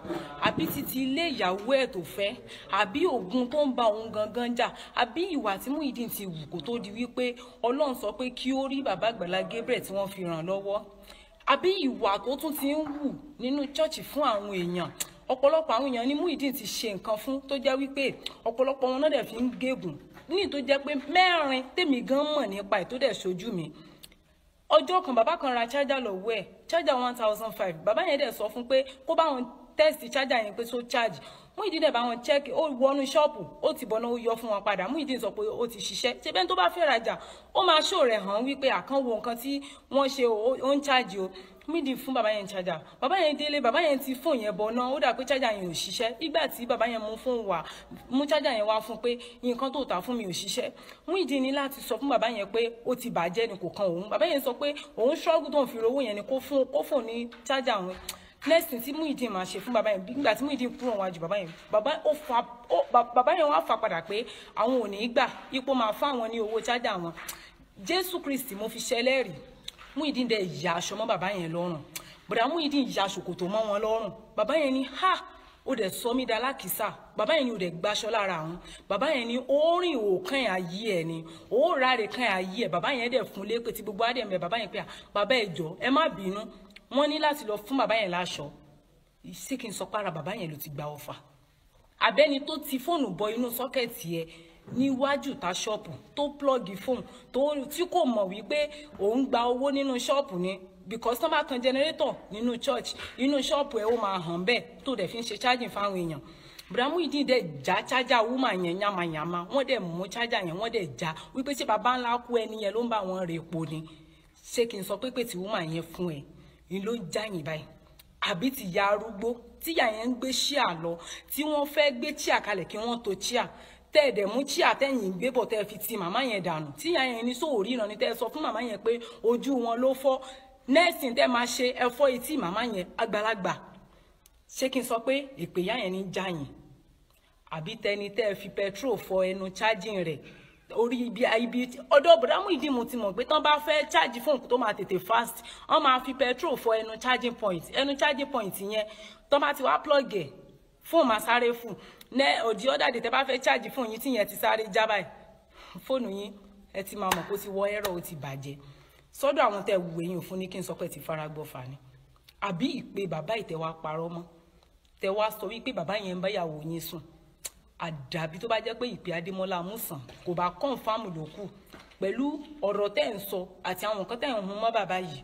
àbí titi ilé ìyàwó ẹ̀ tó fẹ́ àbí ogún tó ń ba òun gangan jà àbí ìwà tí Muyideen ti wù kó tó di wípé Ọlọ́run sọ pé kí ó rí bàbá Àgbàlá Gabriel tí wọ́n fi ràn lọ́wọ́ àbí ìwà tó tún ti ń wù nínú chọ́ọ̀chì fún àwọn èèyàn ọ̀pọ̀lọpọ̀ àwọn èèyàn ni Muyideen ti ṣe nǹkan fún tó jẹ́ wípé ọ̀pọ̀lọpọ̀ wọn náà dẹ̀ fi ń gégùn ní tó jẹ́ pé mẹ́rin tèmi gan mọ̀ nípa ẹ̀ tó dẹ̀ ṣojú mi ọjọ́ kan bàbá kan ra charger lọ́wọ́ ẹ̀ charger one thousand five bàbá yẹn dẹ̀ sọ fún pé kó bá wọn test charger yẹn pé so charge Muyideen dẹ̀ bá wọn check ó wọnú ṣọ́ọ̀pù ó ti bọ́ná ó yọ fún wọn padà Muyideen sọ pé ó ti ṣiṣẹ́ ṣe bẹ́ẹ̀ tó bá fẹ́ rajà ó máa ṣó rẹ̀ hàn wípé àkànwò nǹkan tí wọ́n ṣe ó ń charge o mídì fún bàbá yẹn charger bàbá yẹn délé bàbá yẹn ti fóònù yẹn bọ̀ náà ó dà pé charger yẹn ò ṣiṣẹ́ ìgbà tí bàbá yẹn mú fóònù wá mú charger yẹn wá fún pé nǹkan tó tà fún mi ò ṣiṣẹ́ Muyideen ní láti sọ fún bàbá yẹn pé ó ti bàjẹ́ ni kò kan òun bàbá yẹn sọ pé òun ṣọ́ọ́gù tó ń fi rówó yẹn ni kó fún kó fóònù ní charger òun next thing tí Muyideen máa ṣe fún bàbá yẹn nígbà tí Muyideen kúrò wájú bàbá yẹn bàbá ó fa bàbá yẹn wá fa padà pé àwọn ò ní í gbà ipò máa fáwọn ní owó chájà wọn Jésù Kristi mo fi ṣẹlẹ́rìí Muyideen dẹ̀ ya aṣọ mọ́ bàbá yẹn lọ́rùn bùrà Muyideen ya ṣòkòtò mọ́ wọn lọ́rùn bàbá yẹn ni ha ó dẹ̀ sọ mí da lákìsà bàbá yẹn ni ó dẹ̀ gbaṣọ lára àwọn bàbá yẹn ni o rìn òwò kan yà yí ẹ̀ ni ó ráre kan yà yí ẹ̀ bàbá yẹn dẹ̀ fún lépè tí gbogbo adé mẹ́ bàbá yẹn pé à bàbá ẹ̀ jọ ẹ má bínú wọ́n ní láti lọ fún bàbá yẹn láṣọ sí kí n sọ para bàbá yẹn ló ti gba ọfà abẹ́ni tó ti fóònù bọ inú sọ́kẹ̀tì ẹ̀ níwájú ta ṣọ́ọ̀pù tó plọ́ọ̀gì fóun tí kò mọ̀ wípé òun gba owó nínú ṣọ́ọ̀pù ni because tán bá kan generator nínú church inú ṣọ́ọ̀pù ẹ̀ ó máa hàn bẹ́ẹ̀ tó dẹ̀ fi ń ṣe charging fáwọn èèyàn buramu yìí dẹ̀ já chájà wúmà yẹn yamayama wọ́n dẹ̀ mú chájà yẹn wọ́n dẹ̀ já wípé tí baba ńlá kú ẹni yẹn ló ń bá wọn rè po ni ṣé kí n sọ pé pé tí wúmà yẹn fún ẹ ni ló ń já yìn báyìí àbí tìyá arúgbó tíyà yẹn ń gbé ṣíà lọ tí wọ́n fẹ́ gbé chíà kalẹ̀ kí wọ́n to chíà tẹ́ ẹ̀ dẹ̀ mú chíà tẹ́yìn gbébọ̀ tẹ́ fi ti màmá yẹn dànù tíyà yẹn ní sóò ríran ni tẹ́ sọ fún màmá yẹn pé ojú wọn ló fọ́ nẹ́ẹ̀sì tẹ́ máa ṣe ẹ̀fọ́ etí màmá yẹn àgbàlagbà ṣé kí n sọ pé ìpèyà yẹn ní jàyìn àbí tẹni tẹ́ fi petrol fọ ẹnu chájìn rẹ̀ orí ibi ibi ọ̀dọ̀ bùdámù ìdí mo ti mọ̀ pé tán bá fẹ́ chájì fóònù tó máa tètè fast wọ́n máa fi petrol fọ ẹnu chájìn point ẹnu chájìn point yẹn tán bá ti wá plug ẹ̀ máa sáré fún un ní òdi ọ̀dà dè tẹ́ bá charge ṣáàjì fóònù yín tíyẹn ti sáré já báyìí fóònù yín ẹ ti máa mọ̀ kó ti wọ ẹ̀rọ ó ti bàjẹ́ sọ́dọ̀ àwọn tẹ́ wù ẹ̀yìn òfun ní kí n sọ pé ti faragbo gbọ́ fà ni àbí ìpè bàbá ìtẹ́wà parọ́ mọ́ tẹ́wà sọ wípé bàbá yẹn ń báyàwó yín sùn àdàbí tó bá jẹ́ pé ìpè Adémọ́lá amúsàn kò bá kọ́ǹfàmù ló kù pẹ̀lú loku. tẹ́ ń sọ nso ati nǹkan tẹ́ ń hun mọ́ bàbá yi.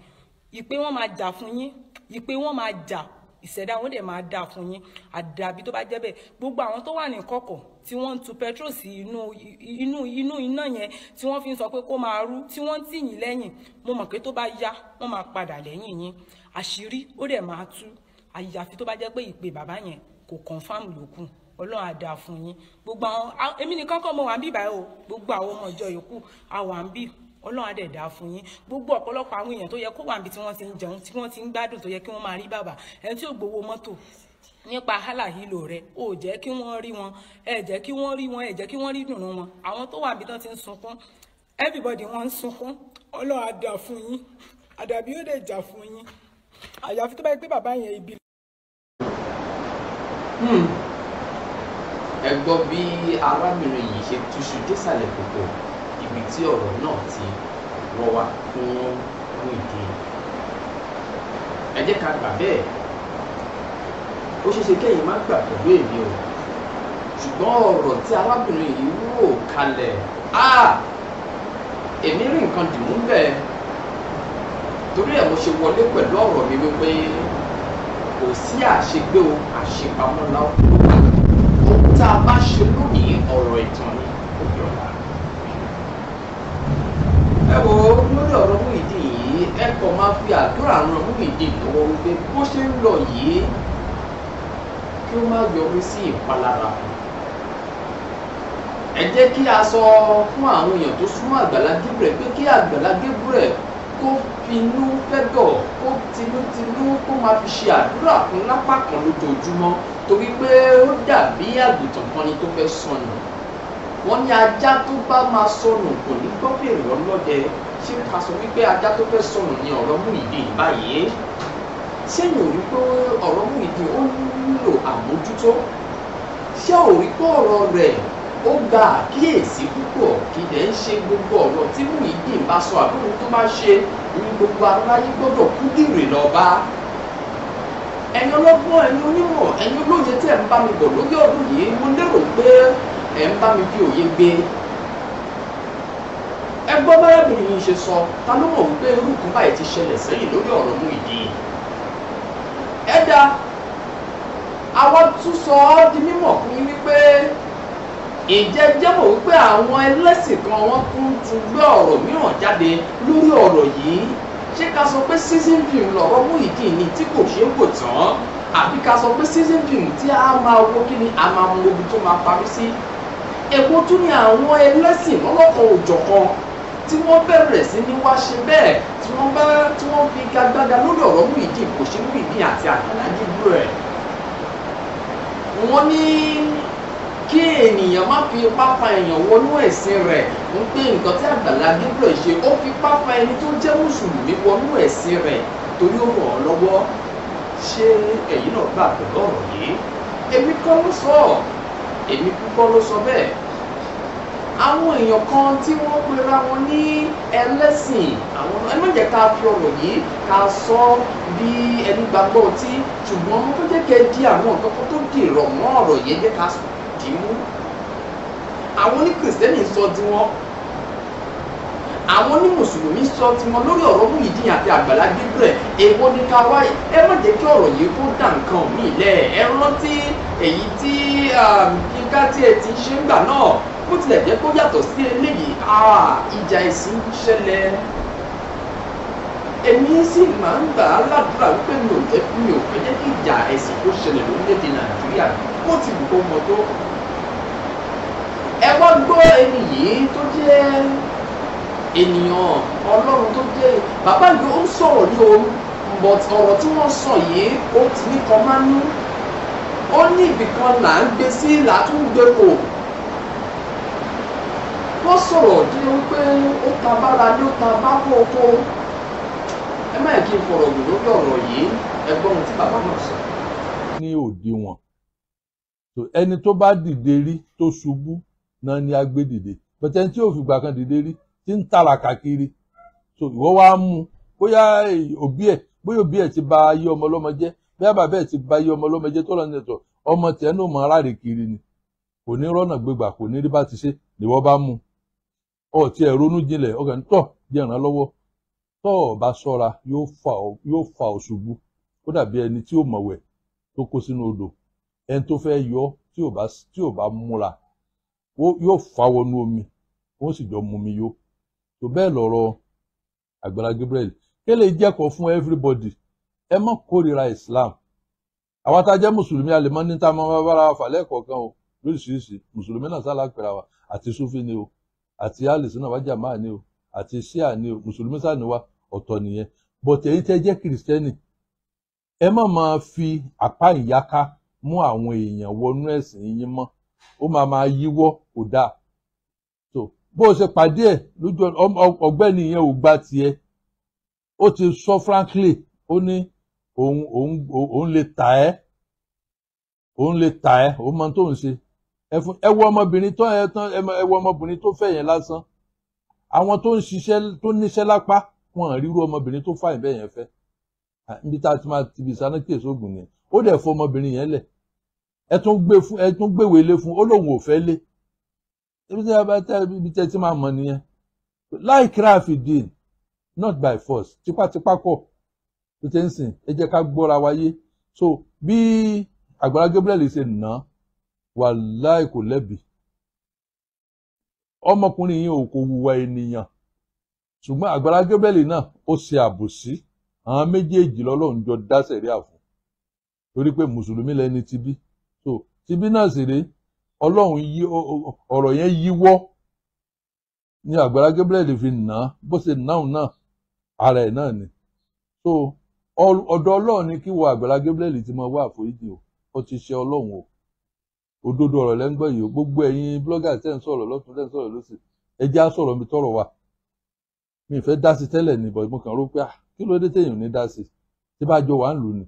ìpè wọ́n máa jà fún yín ìpè wọ́n máa jà ìṣẹ̀dá wọn dẹ̀ máa dáa fún yín àdàbí tó bá jẹ́ bẹ́ẹ̀ gbogbo àwọn tó wà ní kọ̀kọ̀ tí wọ́n ń tu petrol sí inú inú inú iná yẹn tí wọ́n fi ń sọ pé kó máa rú tí wọ́n ń tì yín lẹ́yìn mo mọ̀ pé tó bá yá wọ́n máa padà lẹ́yìn yín àṣírí ó dẹ̀ máa tú àyàfi tó bá jẹ́ pé ìpè bàbá yẹn kò confam lókun ọlọ́run àdá yín gbogbo àwọn èmi nìkan kọ́ mo wà ń bì báyìí o gbogbo àwọn ọmọ ìjọ yòókù àwọn à ń bì ọlọ́run á fún yín gbogbo ọ̀pọ̀lọpọ̀ àwọn èèyàn tó yẹ kó wà níbi tí wọ́n ti ń jẹun tí wọ́n ti ń gbádùn tó yẹ kí wọ́n máa rí bàbá ẹni tí ò gbowó mọ́tò nípa hálàhílò rẹ ò jẹ́ kí wọ́n rí wọn ẹ jẹ́ kí wọ́n rí wọn ẹ jẹ́ kí wọ́n rí dùnú wọn àwọn tó wà níbi tán ti ń sunkún everybody wọ́n ń sunkún ọlọ́run á dá fún yín àdàbí ó dẹ̀ jà fún yín àyàfi tó bá yẹ bàbá yẹn ibi. Hmm. ẹ gbọ́ bí arábìnrin yìí ṣe túṣu désàlẹ̀ kòkó ibi tí ọ̀rọ̀ náà ti wọ́ wa fún Muyideen ẹ jẹ́ ká gbà bẹ́ẹ̀ ó ṣeéṣe kẹ́yìn má gbà pẹ̀lú èmi o ṣùgbọ́n ọ̀rọ̀ tí arábìnrin yìí rò kalẹ̀ èmi rí nǹkan dìmú bẹ́ẹ̀ torí ẹ̀ mo ṣe wọlé pẹ̀lú ọ̀rọ̀ mi wípé kò sí àṣegbé o àṣepamọ́ la ó tá a bá ṣe lónìí ọ̀rọ̀ ìtàn ni ẹ wo lórí ọ̀rọ̀ Muyideen yìí ẹ kọ̀ máa fi àdúrà ran Muyideen lọ́wọ́ wípé bó ṣe ń lọ yìí kí ó má yọrí sí ìpalára ẹ jẹ́ kí a sọ fún àwọn èèyàn tó súnmọ́ Àgbàlá Gabriel pé kí Àgbàlá Gabriel kó finú fẹ́gọ̀ kó tinútinú kó máa fi ṣe àdúrà fún lápá kan lójoojúmọ́ torí pé ó dàbí àgùntàn kan ni tó fẹ́ sọnù wọ́n ní ajá tó bá máa sọnù kò ní gbọ́ bèrè ọlọ́dẹ ṣé ká sọ wípé ajá tó fẹ́ sọnù ni ọ̀rọ̀ Muyideen báyìí sẹ́yìn ò rí pé ọ̀rọ̀ Muyideen ó nílò àmójútó ṣé ò rí pé ọ̀rọ̀ rẹ̀ ó gba àkíyèsí púpọ̀ kì í dẹ̀ ń ṣe gbogbo ọ̀rọ̀ tí Muyideen bá sọ àbúrò tó bá ṣe ní gbogbo aráyé gbọ́dọ̀ kúndìrì lọ́ba ẹ̀yin ọlọ́gbọ́n ẹ̀yin onímọ̀ ẹ̀yin olóye tẹ̀ ń bá mi bọ̀ lórí ọdún yìí mo lérò pé ẹ̀ ń bá mi bí òye gbé ẹ gbọ́ bárábìnrin yìí ṣe sọ ta ló mọ̀ wípé irú báyìí ti ṣẹlẹ̀ sẹ́yìn lórí ọ̀rọ̀ Muyideen ẹ dáa àwa tún sọ ọ́ di mímọ̀ fún yín wípé ìjẹ́ jẹ́mọ̀ wípé àwọn ẹlẹ́sìn kan wọ́n tún tún gbé ọ̀rọ̀ mìíràn jáde lórí ọ̀rọ̀ yìí ṣé ká sọ pé season film lọ́rọ̀ Muyideen ni tí kò ṣeé wò tán àbí ká sọ pé season film tí a máa wo kí ni a máa mọ ibi tó máa parí sí èkó tún ni àwọn ẹlẹ́sìn lọ́lọ́kan òjọ̀kan tí wọ́n bẹ̀rẹ̀ sí ní wá ṣe bẹ́ẹ̀ tí wọ́n bá tí wọ́n fi gagbada lórí ọ̀rọ̀ Muyideen kò ṣe Muyideen àti Àgbàlá Gabriel wọ́n ní kí ènìyàn má fi pápá èèyàn wọnú ẹ̀sìn rẹ̀ ń pé nǹkan tí Àgbàlá Gabriel ṣe ó fi pápá ẹni tó jẹ́ mùsùlùmí wọnú ẹ̀sìn rẹ̀ torí ó ràn án lọ́wọ́ ṣé ẹ̀yin náà gbà pẹ̀lú ọ̀rọ̀ yìí èmi kọ́ ló sọ èmi kúkọ́ ló sọ bẹ́ẹ̀ àwọn èèyàn kan tí wọ́n pera wọn ní ẹlẹ́sìn àwọn ẹ má jẹ́ ká fi ọ̀rọ̀ yìí ká sọ bí ẹni gbàgbọ́ ọtí ṣùgbọ́n mo tó jẹ́ kẹ́ di àwọn nǹkan tó dìrọ̀ mọ́ ọ̀rọ̀ yẹn jẹ́ ká dì í mú àwọn ní kìrìsìtẹ́nì sọ tiwọn àwọn ní mùsùlùmí sọ tiwọn lórí ọ̀rọ̀ Muyideen àti Àgbàlá Gabriel èwo ni ká wá ẹ má jẹ́ kí ọ̀rọ̀ yìí kó dà nǹkan mí lẹ̀ ẹ rántí èyí tí Yínká tiẹ̀ ti ṣe ń gbà náà bó tilẹ̀ jẹ́ kó yàtọ̀ sí eléyìí ìjà ẹ̀sìn ń ṣẹlẹ̀ èmi sì máa ń gbà á ládùúrà wípé mi ò jẹ́ mi ò fẹ́ jẹ́ kí ìjà ẹ̀sìn kó ṣẹlẹ̀ lórílẹ̀‐èdè nàìjíríà kó ti wù kó mọ tó ẹ wá gbọ́ ẹni yìí tó jẹ́ ènìyàn ọlọ́run tó jẹ́ bàbá yìí ó ń sọ̀rọ̀ ní o but ọ̀rọ̀ tí wọ́n sọ yìí ó ti ní kọ́ máa ń ní ó ní ibìkan là ń gbé sí làá wọ́n sọ̀rọ̀ di wípé ó ta bára ló ta bá kó oko ẹ má kí n fọ̀rọ̀ gùn lórí ọ̀rọ̀ yìí ẹgbọ́n tí bàbá náà sọ. ní òdiwọ̀n ẹni tó bá dìde rí tó ṣubú náà ni a gbé dìde pẹ̀tẹ́ tí yóò fìgbà kan dìde rí ti ń tàràkà kiri so ìwọ wá mú bóyá òbí ẹ̀ bóyá òbí ẹ̀ ti bà ayé ọmọ ọlọ́mọ jẹ́ bóyá bàbá ẹ̀ ti bà ayé ọmọ ọlọ́mọ jẹ́ tó lọ nìyẹn tó ọmọ tiẹ̀ náà mọ aráàlú kiri ni kò ní rọ́nà gbégbà kò ní rí bá ti ṣe ni bá mú un ọ̀ tí ẹ̀ ronú jinlẹ̀ ọkàn tọ̀ jẹ́ ràn lọ́wọ́ tọ́ ọ̀ bá ṣọ́ra yóò fa òṣùbù ó dàbí ẹni tí ò mọ̀wẹ̀ tó kó sínú odò ẹni tó fẹ́ yọ tí ò bá múra yóò fa wọnú omi wọ́n sì jọ mumi yó tó bẹ́ẹ̀ lọ́rọ̀ Àgbàlá Gabriel kéle jẹ́kọ̀ọ́ fún everybody ẹ má kórìíra Islam àwa tá a jẹ́ mùsùlùmí alẹ́ mọ́ ní tá a máa bára wa fà lẹ́ẹ̀kọ̀ọ̀kan o lóríṣiríṣi mùsùlùmí náà sálà pẹ̀lú àwa àti sufi ni o àti alìsúnà wájà máa ní o àti ṣíà ní o mùsùlùmí sàní wa ọ̀tọ̀ nìyẹn bọ̀tẹ̀ ẹ̀yin tẹ́ jẹ́ kìrìsìtẹ́nì ẹ má máa fi àpá ìyáká mú àwọn èèyàn wọnú ẹ̀sìn yín mọ́ ó máa máa yíwọ́ kò dáa tó bó o ṣe pàdé ẹ̀ lójú ọ̀gbẹ́ni yẹn ò gbà tiẹ̀ ó ti sọ frankly ó ní òun lè tà ẹ́ òun lè tà ẹ́ òun mọ tóun ṣe ẹfun ẹ wo ọmọbìnrin tó ẹ tán ẹ wo ọmọbìnrin tó fẹ́ yẹn lásán àwọn tó ń ṣiṣẹ́ tó níṣẹ́ lápá wọn ríru ọmọbìnrin tó fàyìn bẹ́ẹ̀ yẹn fẹ́ níbi tá a ti máa ti bìsà náà kí èso ògùn nìyẹn ó dẹ̀ fọ ọmọbìnrin yẹn lẹ̀ ẹ tún gbé fún ẹ tún gbéwò ilé fún ó lóun ò fẹ́ lé ibi tí a tẹ ibi tẹ ti máa mọ̀ nìyẹn láì kíra fìdín not by force tipátipá kọ́ tó ti ń sìn ẹ jẹ́ ká gbọ́ra wáyé so bí Àgbàlá Gabriel ṣe nà án wàláì kò lẹ́bi ọmọkùnrin yìí ò kò hùwà ènìyàn ṣùgbọ́n àgbàlá gébẹ́lì náà ó ṣe àbòsí àwọn méjèèjì lọ́lọ́run jọ dá sẹ̀ríà fún torí pé mùsùlùmí lẹni tibí so tibí náà sì rèé ọlọ́run yí ọ̀rọ̀ yẹn yíwọ́ ní àgbàlá gébẹ́lì fi nà á bó ṣe náà náà ara ẹ̀ náà ni so ọ̀dọ̀ ọlọ́run ni kí wọ àgbàlá gébẹ́lì ti máa wá àforíjì o ó ti ṣe ọlọ́run o òdodo ọ̀rọ̀ lẹ́ ń gbọ́ yìí gbogbo ẹ̀yin blọ́gà tẹ́ ń sọ̀rọ̀ lọ́tún tẹ́ ń sọ̀rọ̀ lọ́sì ẹ á sọ̀rọ̀ mi tọ̀rọ̀ wa mi fẹ́ dá sí tẹ́lẹ̀ ní bọ̀ mo kàn rò pé ah kí ló dé téèyàn ní dá sí tí bá jọ wà ń lù ní.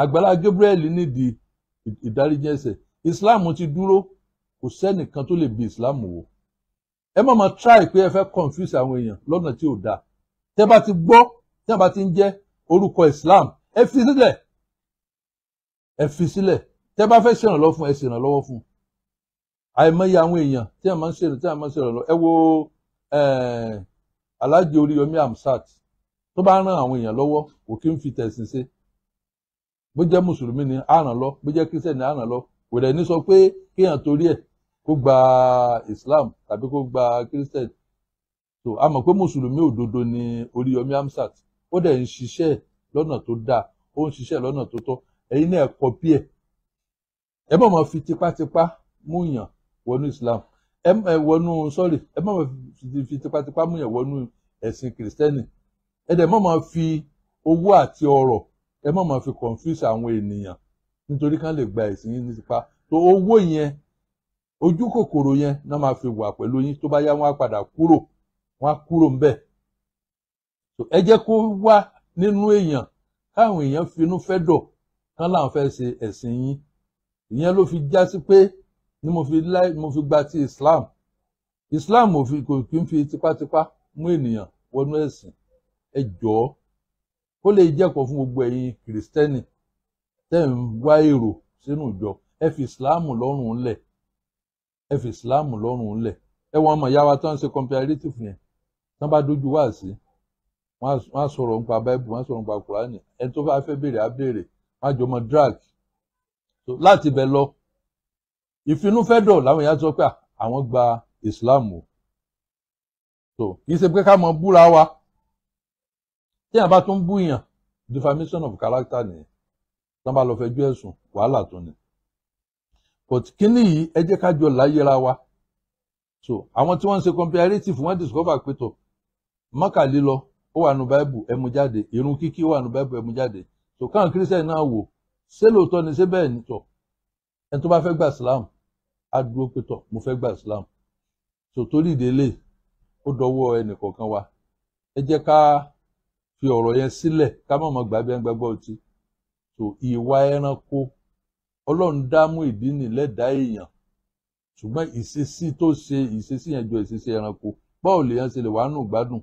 Àgbàlá Gabriel nídìí ìdáríjì ẹ̀ṣẹ̀ Islam ti dúró kò sẹ́nìkan tó lè bi Islam wò ẹ má máa try pé ẹ fẹ́ confuse àwọn èèyàn lọ́nà tí ò dáa tẹ́ bá ti gbọ́ tẹ́ bá ti ń jẹ́ orúkọ Islam ẹ fi sílẹ̀ ẹ fi sílẹ̀ tẹ́ bá fẹ́ ṣèrànlọ́wọ́ fún ẹ ṣèrànlọ́wọ́ fún àìmọye àwọn èèyàn tí a máa ń ṣèrànlọ́wọ́ tí a máa ń ṣèrànlọ́wọ́ ẹ wo Alhaji Oríyọmí Hamsat tó bá ràn àwọn èèyàn lọ́wọ́ kò kí ń fi tẹ̀sìn ṣe bó jẹ́ mùsùlùmí ni á ràn lọ bó jẹ́ kírísítẹ̀nì á ràn lọ kò dẹ̀ ní sọ pé kéèyàn torí ẹ̀ kó gba Islam tàbí kó gba kírísítẹ̀nì tó a mọ̀ pé mùsùlùmí òdodo ni Oríyọmí Hamsat ó dẹ̀ ń ṣiṣẹ́ lọ́nà tó dáa ó ń ṣiṣẹ́ lọ́nà tó tọ́ ẹ̀yin náà kọ́ bí ẹ̀ ẹ má máa fi tipátipá mú yàn wọnú Islam ẹ má wọnú sorry ẹ má máa fi tipátipá mú yàn wọnú ẹ̀sìn kìrìsìtẹ́nì ẹ dẹ̀ má máa fi owó àti ọrọ̀ ẹ má máa fi confuse àwọn ènìyàn nítorí kán lè gba ẹ̀sìn yín ní tipa tó owó yẹn ojú kòkòrò yẹn náà máa fi wà pẹ̀lú yín tó bá yá wọn á padà kúrò wọn á kúrò ńbẹ̀ ẹ jẹ́ kó wá nínú èèyàn káwọn èèyàn finú fẹ́ dọ̀ kán láwọn fẹ́ ṣe ẹ̀sìn yín ìyẹn ló fi já sí pé ni mo fi láì mo fi gba ti Islam Islam ò fi kò kí n fi tipátipá mú ènìyàn wọnú ẹ̀sìn ẹ jọ̀ọ́ kó lè jẹ́kọ̀ọ́ fún gbogbo ẹ̀yin kìrìsìtẹ́nì tẹ́ ń wá èrò sínú ìjọ ẹ fi Islam lọ́rùn ńlẹ̀ ẹ fi Islam lọ́rùn ńlẹ̀ ẹ wọn ọmọ ìyá wa tó ń ṣe comparative yẹn tó bá dojú wá sí wọn á sọ̀rọ̀ nípa Bible wọn á sọ̀rọ̀ nípa Kùránì ẹni tó bá fẹ́ béèrè á béèrè wọn á jọ mọ drag láti bẹ̀ lọ ìfinúfẹ́dọ̀ làwọn èèyàn sọ pé àwọn gba Islam o so kì í ṣe pé ká mọ búra wa tí èèyàn bá tún bú èèyàn defamation of character nìyẹn tí wọ́n bá lọ fẹjú ẹ̀sùn wàhálà tó ni but kíní yìí ẹ jẹ́ ká jọ láyéra wa so àwọn tí wọ́n ń ṣe comparative wọ́n discover pé tó mọ́kàlélọ ó wà nù báìbù ẹ mú jáde irun kíkí ó wà nù báìbù ẹ jáde so káwọn kírísítẹ̀ náà wò ṣé lóòótọ́ ni ṣé bẹ́ẹ̀ ni tọ̀ ẹni tó bá fẹ́ gba islam á dúró pé tọ̀ mo fẹ́ gba islam sòtórí ìdílé ó dọwọ́ ẹnìkọ̀ọ̀kan wa ẹ jẹ́ ká fi ọ̀rọ̀ yẹn sílẹ̀ ká má mọ̀ gbàgbé ẹ̀ gbàgbọ́ ọtí tó ìwà ẹranko ọlọ́run dámú ìdí nìlẹ́dàá èèyàn ṣùgbọ́n ìṣesí tó ṣe ìṣesí yẹn jọ ìṣesí ẹranko báwo lèèyàn ṣe lè wàá gbádùn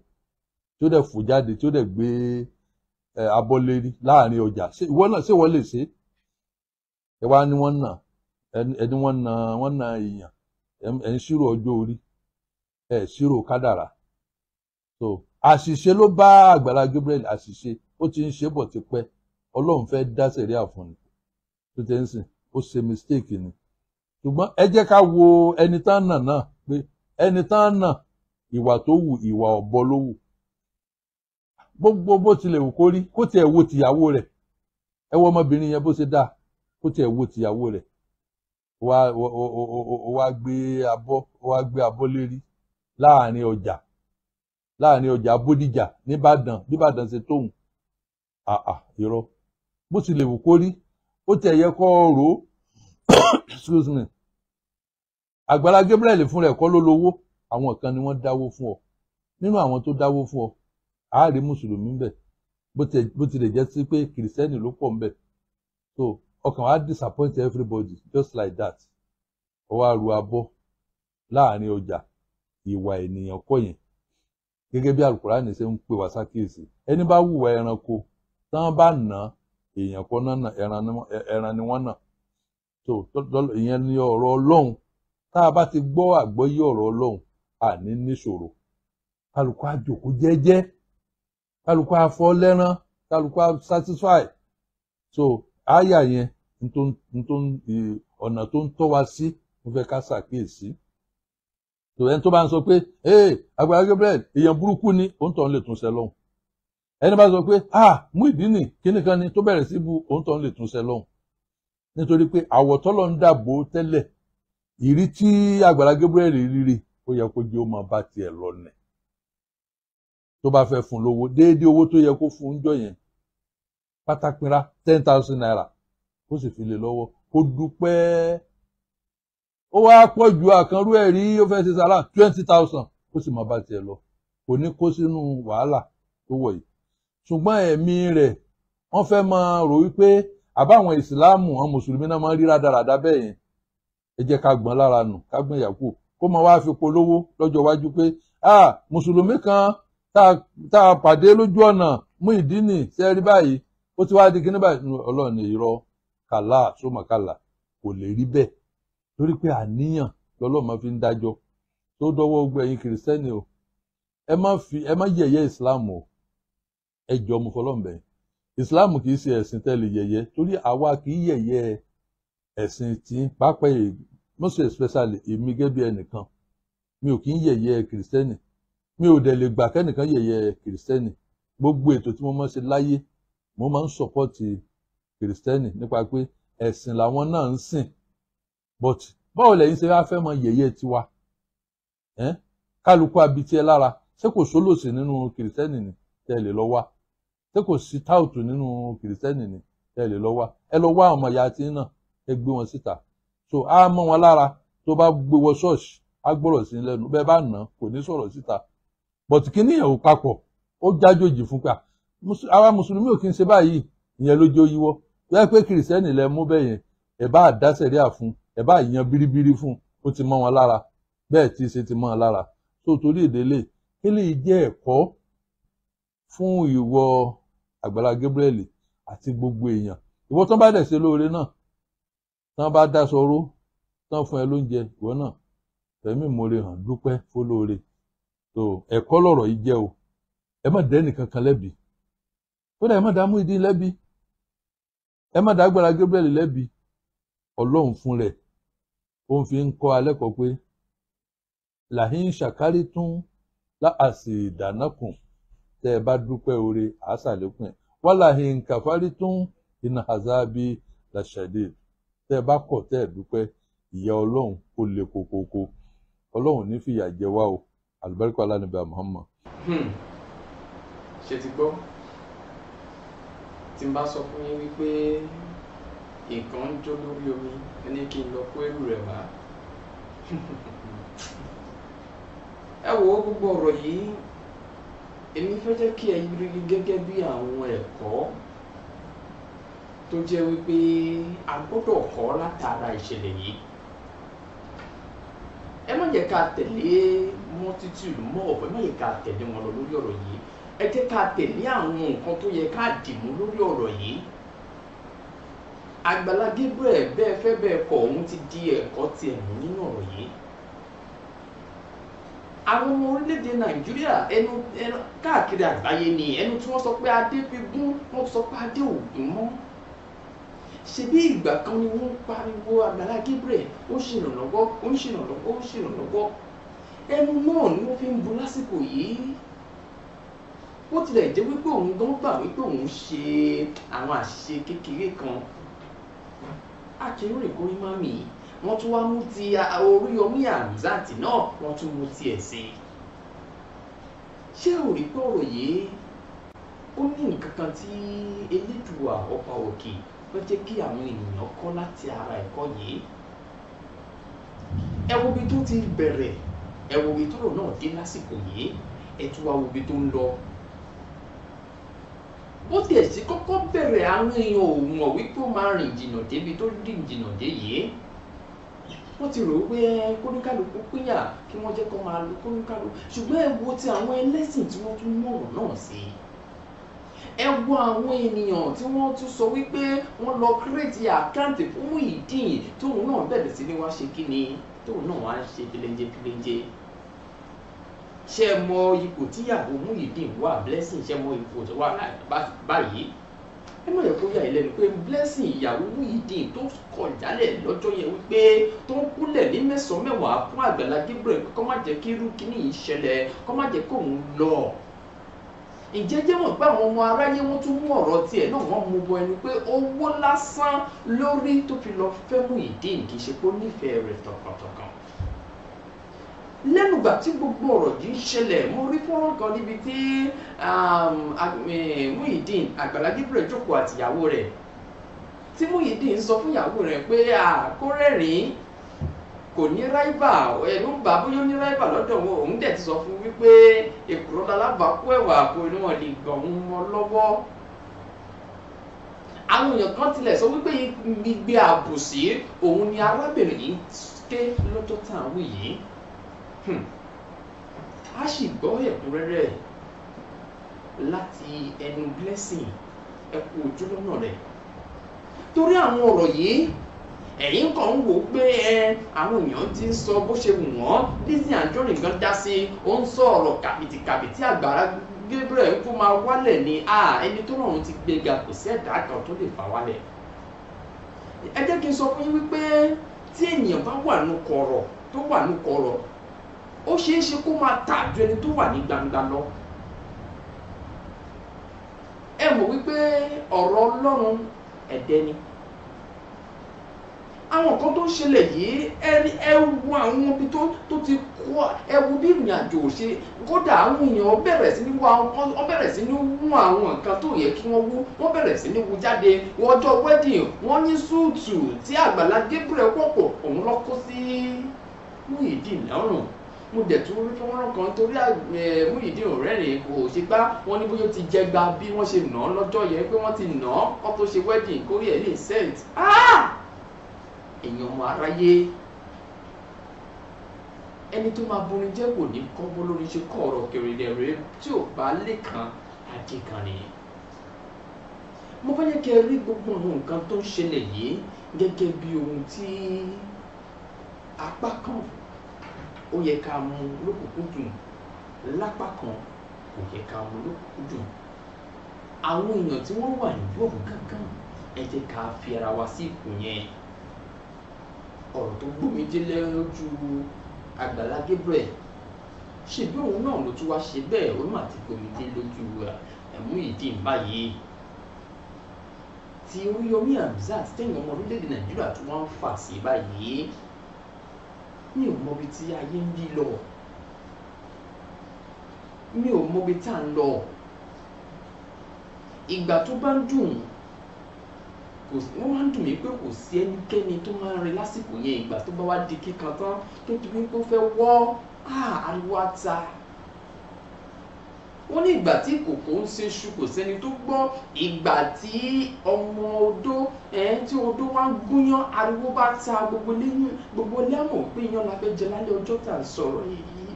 tí ó dẹ̀ fò jáde tí ó dẹ̀ gbé Eh, abọ́lérí láàrin ọjà ìwọ náà ṣé wọ́n ṣe ẹ wá ní wọ́n nà ẹni wọ́n nà wọ́n nà èèyàn ń ọjọ́ orí kádàrà so àṣìṣe ló bá Àgbàlá Gabriel àṣìṣe ó ti ń ṣe bọ̀ tipẹ́ Ọlọ́run fẹ́ dá sẹ̀rí àfọ̀nì tó ti ń ṣe ẹni tán nà náà pé ẹni tán nà ìwà tó wù ìwà ọ̀bọ ló wù gbogbo bó tilẹ̀ wù kó rí kó tiẹ̀ wo tìyàwó rẹ̀ ẹ wọ ọmọbìnrin yẹn bó ṣe dáa kó tiẹ̀ wo tìyàwó rẹ̀ wá wá gbé abọ́ wá gbé abọ́ lérí láàrin ọjà láàrin ọjà Bódìjà nìbàdàn nìbàdàn ṣe tóun àà irọ́ bó tilẹ̀ wù kó rí ó tiẹ̀ yẹ kó rò ó excuse me Àgbàlá Gabriel fúnra ẹ̀ kọ́ ló lówó àwọn kan ni wọ́n dáwó fún ọ nínú àwọn tó dáwó fún ọ á rí mùsùlùmí ń bẹ̀ bó tilẹ̀ jẹ́ sí pé kìrìsẹ́nì ló pọ̀ ń bẹ̀ so ọkàn wa disappoint everybody just like that ọwọ́ àrùn abọ́ láàrin ọjà ìwà ènìyàn kọ́ yẹn gẹ́gẹ́ bí alukurani ṣe ń pè wá sákìyèsí ẹni bá wùwà ẹranko tí wọ́n bá nà èèyàn kọ́ náà ẹran ni wọ́n nà so ìyẹn ni ọ̀rọ̀ ọlọ́run tá a bá ti gbọ́ àgbọ́yé ọ̀rọ̀ ọlọ́run àní níṣòro kálukú àjòkó jẹ́jẹ́ kálukú afọ lẹ́rán kálukú satisfy so àyà yẹn ọ̀nà tó ń tọ́ wa sí mo fẹ́ ká ṣàkíyèsí tò ẹni tó bá ń sọ pé ee Agbala Gabriel èèyàn burúkú ni òǹtọ̀ ń lè túnṣe lọ́hùn ẹni bá sọ pé ah Muyideen kíní kan ni tó bẹ̀rẹ̀ sí bu òǹtọ̀ ń lè túnṣe lọ́hùn nítorí pé àwọ̀ tọ́lọ̀ ń dàbò tẹ́lẹ̀ ìrí tí Agbala Gabriel rírí ó yẹ kó jẹ́ ó máa bá tiẹ̀ lọ tó bá fẹ́ fún lówó déédéé owó tó yẹ kó fún ń jọ yẹn pátápínra ten thousand naira kó sì fi lè lọ́wọ́ kó dúpẹ́ ó wá pọ̀ ju àkànrú ẹ̀ rí ó fẹ́ ṣe sàrà twenty thousand kó sì máa bá tiẹ̀ lọ kò ní kó sínú wàhálà tó wọ̀ yìí ṣùgbọ́n ẹ̀mí rẹ̀ wọ́n fẹ́ máa rò wípé àbáwọn ìsìláàmù àwọn mùsùlùmí náà máa ń rí rádaràda bẹ́ẹ̀ yẹn ẹ jẹ́ ká gbọ́n lára nù ká gbọ́n yàkú kó máa wá fi polówó lọ́jọ́ iwájú pé ah mùsùlùmí kan tá a pàdé lójú ọ̀nà mú ìdí nì sẹ́rí báyìí ó ti wá di kíní báyìí ọlọ́run irọ́ kàlá sómọ̀kàlà kò lè rí bẹ́ẹ̀ torí pé àníyàn lọ́lọ́mọ fi ń dájọ́ tó dọ́wọ́ gbọ́ ẹ̀yin o ẹ má fi ẹ má yẹ̀yẹ́ ìsìláàmù o ẹ jọ ọmọ fọlọ́mùbẹ̀ ìsìláàmù kì í ṣe ẹ̀sìn tẹ́lẹ̀ yẹ̀yẹ́ torí àwa kì í ẹ̀sìn tí mi ò dẹ̀ lè gbà kẹ́nìkan yẹ̀yẹ́ kìrìsìtẹ́nì gbogbo ètò tí mo máa ń ṣe láyé mo máa ń sọ̀pọ́tì kìrìsìtẹ́nì nípa pé ẹ̀sìn làwọn náà ń sìn but báwo lẹ́yìn ṣe wá fẹ́ mọ yẹ̀yẹ́ tiwa kálukú abitiẹ lára ṣé kò sólòsì nínú kìrìsìtẹ́nì ni tẹ́ ẹ lè lọ wá ṣé kò sí táùtù nínú kìrìsìtẹ́nì ni tẹ́ ẹ lè lọ wá ẹ lọ wá ọmọ ìyá tí náà ẹ gbé wọn síta so á mọ wọn lára tó bá gbé wọ ṣọ́ọ̀ṣì á gbọ́rọ̀ sí lẹ́nu bẹ́ẹ̀ bá nà kò ní sọ̀rọ̀ síta but kí ni ìyàwó papọ̀ ó jájòjì fún pa ah, àwa mùsùlùmí ò kí ń ṣe báyìí ìyẹn ló jó yíwọ́ bí wọ́n pé kìrìsìtẹ́nì lẹ mú bẹ́ẹ̀ yẹn ẹ̀ bá àdásẹ̀ríà fún ẹ̀ bá ìyan bíríbírí fún ó ti mọ́ wọn lára bẹ́ẹ̀ tí ṣe ti mọ́ wọn lára tó torí ìdílé kí lè jẹ́ ẹ̀kọ́ fún ìwọ àgbàlá Gabriel àti gbogbo èèyàn ìwọ tán bá dẹ̀ ṣe lóore náà tán bá dáṣọ ró tán fún ẹ lóúnjẹ ìwọ náà fẹ̀mí ìmoore hàn dúpẹ́ fólóore so ẹ̀kọ́ lọrọ yìí jẹ́ o ẹ má dẹ́ nìkankan lẹbi kódà ẹ má dá Muyideen lẹbi ẹ má dá Gabriel lẹ́bi ọlọ́run fún rẹ̀ ó fi ń kọ́ alẹ́kọ̀ọ́ pé làhín ṣàkárí tún láàsì ìdánákùn tẹ ẹ bá dúpẹ́ oore àásàlékún ẹ̀ wàláhín kàfárí tún iná làṣàdé ẹ bá ẹ o. àlùbáríkà alánibà Muhammad. Hmm. ṣe ti gbọ́ tí n bá sọ fún yín wípé nǹkan ń jó lórí omi ẹni kí n lọ kó èrú rẹ̀ wá ẹ wo gbogbo ọ̀rọ̀ yìí èmi fẹ́ jẹ́ kí ẹ rí gẹ́gẹ́ bí àwọn ẹ̀kọ́ tó jẹ́ wípé a gbọ́dọ̀ kọ́ látara ìṣẹ̀lẹ̀ yìí ẹ má jẹ́ ká tẹ̀lé multitude mọ́ ọ̀pọ̀ náà yẹ ká tẹ̀lé wọn lọ lórí ọ̀rọ̀ yìí ẹ jẹ́ ká tẹ̀lé àwọn nǹkan tó yẹ ká dìmú lórí ọ̀rọ̀ yìí Àgbàlá Gabriel bẹ́ẹ̀ fẹ́ bẹ́ẹ̀ kọ̀ òun ti di ẹ̀kọ́ tiẹ̀ mú nínú ọ̀rọ̀ yìí àwọn ọmọ orílẹ̀-èdè nàìjíríà ẹnu ẹnu káàkiri àgbáyé ni ẹnu tí wọ́n sọ pé adé fi gún wọ́n sọ pé adé ò gún mọ́ ṣebí ìgbà kan ni wọ́n pariwo Àgbàlá Gabriel ó ń ṣèrànlọ́wọ́ ó ń ṣèrànlọ́wọ́ ó ń ṣèrànlọ́wọ́ ẹnu náà ni wọ́n fi ń bu lásìkò yìí wọ́n tilẹ̀ jẹ́ wípé òun gan gbà wípé òun ṣe àwọn àṣìṣe kékeré kan akérè gorimami wọ́n tún wá mú ti Oríyọmí Hamzat náà wọ́n tún mú tiẹ̀ sí i ṣé ò rí pé ọ̀rọ̀ yìí ó ní nǹkan kan tí elédùà ọba òkè ló jẹ́ kí àwọn ènìyàn kọ́ láti ara ẹ̀kọ́ yìí ẹ wo bí tó ti bẹ̀rẹ̀ ẹ wo ibi tọ́rọ̀ náà dé lásìkò yìí ẹ tún wá wo tó ń lọ bó tiẹ̀ sí kọ́kọ́ bẹ̀rẹ̀ àwọn èèyàn ò mọ̀ wípé ó máa rìn jìnnà débi tó rìn jìnnà dé yìí wọ́n ti rò pé kóníkálukú pínyà kí wọ́n jẹ́ kó máa lo kóníkálukú ṣùgbọ́n ẹ wo ti àwọn ẹlẹ́sìn tí wọ́n tún mú náà sí ẹ wo àwọn ènìyàn tí wọ́n tún sọ wípé wọ́n lọ kírètì àkáǹtì fún ìdíyìn tóun náà bẹ̀rẹ̀ sí ni wá ṣe kí ni tóun náà wá ṣe pélénjé pélénjé ṣe mọ ipò tíyàwó Muyideen wà Blessing ṣe mọ ipò tó wà báyìí ẹ mọ̀ yẹ kó yà ilé ni Blessing ìyàwó Muyideen tó kọ̀ jálẹ̀ lọ́jọ́ yẹn wípé tó ń kúnlẹ̀ ní mẹ́sàn-án mẹ́wàá fún Àgbàlá Gabriel má jẹ́ kí irú kíní yìí ṣẹlẹ̀ kó má jẹ́ kóun lọ ǹjẹ́ jẹ́ mọ̀ pé àwọn ọmọ aráyé wọ́n tún mú ọ̀rọ̀ tiẹ̀ náà wọ́n mú bọ ẹnu pé owó lásán lórí tó fi lọ fẹ́ Muyideen kì í ṣe pé ó nífẹ̀ẹ́ rẹ̀ tọkàntọkàn lẹ́nùgbà tí gbogbo ọ̀rọ̀ yìí ń ṣẹlẹ̀ mo rí fọ́nrán kan níbi tí um, eh, Muyideen Àgbàlá Gabriel jókòó àtìyàwó rẹ̀ tí Muyideen sọ fún ìyàwó rẹ̀ pé àkórẹ́rìn kò ní ráìbà ẹ̀rù ń bà bóyá ó ní ráìbà lọ́dọ̀ wọn òun dẹ̀ ti sọ fún wípé èkúrò lalábàákú ẹ̀wà kò ní wọn lè gbà òun mọ́ lọ́wọ́ àwọn èèyàn kan tilẹ̀ sọ wípé gbígbé àbòsí òun ni arábìnrin yìí ké lọ́jọ́ tá à ń wí yìí hmm. a sì gbọ́ ẹ̀kúnrẹ́rẹ́ láti ẹnu blessing ẹ̀kú ojúlọ́nà rẹ̀ torí àwọn ọ̀rọ̀ yìí ẹ̀yin kan ń wò pé ẹ àwọn èèyàn ti ń sọ bó ṣe wù wọ́n Lizzy Anjorin gan dá sí ó ń sọ ọ̀rọ̀ kàbìtìkàbìtì àgbàrá Gabriel kó máa wálẹ̀ ni ẹni tó lọ́run ti gbéga kò sí ẹ̀dá kan tó lè fà wálẹ̀ ẹ jẹ́ kí n sọ fún yín wípé tí ènìyàn bá wà nù kọ̀rọ̀ tó wà nù kọ̀rọ̀ ó ṣeé ṣe kó máa tà ju ẹni tó wà ní gbangba lọ ẹ mọ̀ wípé ọ̀rọ̀ Ọlọ́run ẹ̀dẹ́ ni. àwọn kan tó ń ṣẹlẹ̀ yìí ẹ wo àwọn ibi tó ti kó ẹ wo bí ìrìn àjò ṣe kódà àwọn èèyàn bẹ̀rẹ̀ sí ní wá wọ́n bẹ̀rẹ̀ sí ní wú àwọn nǹkan tó yẹ kí wọ́n wú wọ́n bẹ̀rẹ̀ sí ní wú jáde ọjọ́ wedding wọ́n ní súùtù tí Àgbàlá Gabriel pọ̀pọ̀ òun lọ kó sí Muyideen lọ́rùn mo dẹ̀ tún rí fọ́nrán kan torí Muyideen ọ̀rẹ́rìn kò ṣe gbá wọn ní bóyá ó ti jẹ gba bí wọ́n ṣe nà án lọ́jọ́ yẹn pé wọ́n ti nà án kó tó ṣe wedding kórìí ẹ̀ ní cent èèyàn ọmọ aráyé ẹni tó máa borin jẹ́ kò ní kọ́ bó lórí ṣe kọ́ ọ̀rọ̀ òkèrè rẹ̀ tí ò bá lè kan àti kan nìyẹn mo fẹ́ jẹ́ kí ẹ rí gbogbo àwọn nǹkan tó ń ṣẹlẹ̀ yìí gẹ́gẹ́ bí ohun tí apá kan ó yẹ ká mú lókùnkúndùn lápá kan kò yẹ ká mú lókùnkúndùn àwọn èèyàn tí wọ́n wà níbọ̀ gangan ẹ jẹ́ ká fi ara wa sí ipò yẹn ọ̀rọ̀ tó gbómijé lójú Àgbàlá Gabriel ṣèbí òun náà ló tún wá ṣe bẹ́ẹ̀ òun máa ti gbómijé lójú Muyideen báyìí tí Oríyọmí Hamzat tẹ̀yìn ọmọ orílẹ̀-èdè Nàìjíríà tó wá ń fà sí báyìí mi ò mọbi tí ayé ń bí lọ mi ò mọbi tá à ń lọ ìgbà tó bá ń dùn kò sí wọ́n wá ń dùn mí pé kò sí ẹnikẹ́ni tó máa ń rin lásìkò yẹn ìgbà tó bá wá di kíkan tán tó ti wípé ó fẹ́ wọ́ ah, ariwo ata wọ́n ní ìgbà tí kòkó ń ṣe ṣu kò sẹ́ni tó gbọ́ ìgbà tí ọmọ odó tí odó wá ń gúnyán ariwo bá ta gbogbo lẹ́mọ̀ pé iyán la jẹ lálẹ́ ọjọ́ tá ń sọ̀rọ̀ yìí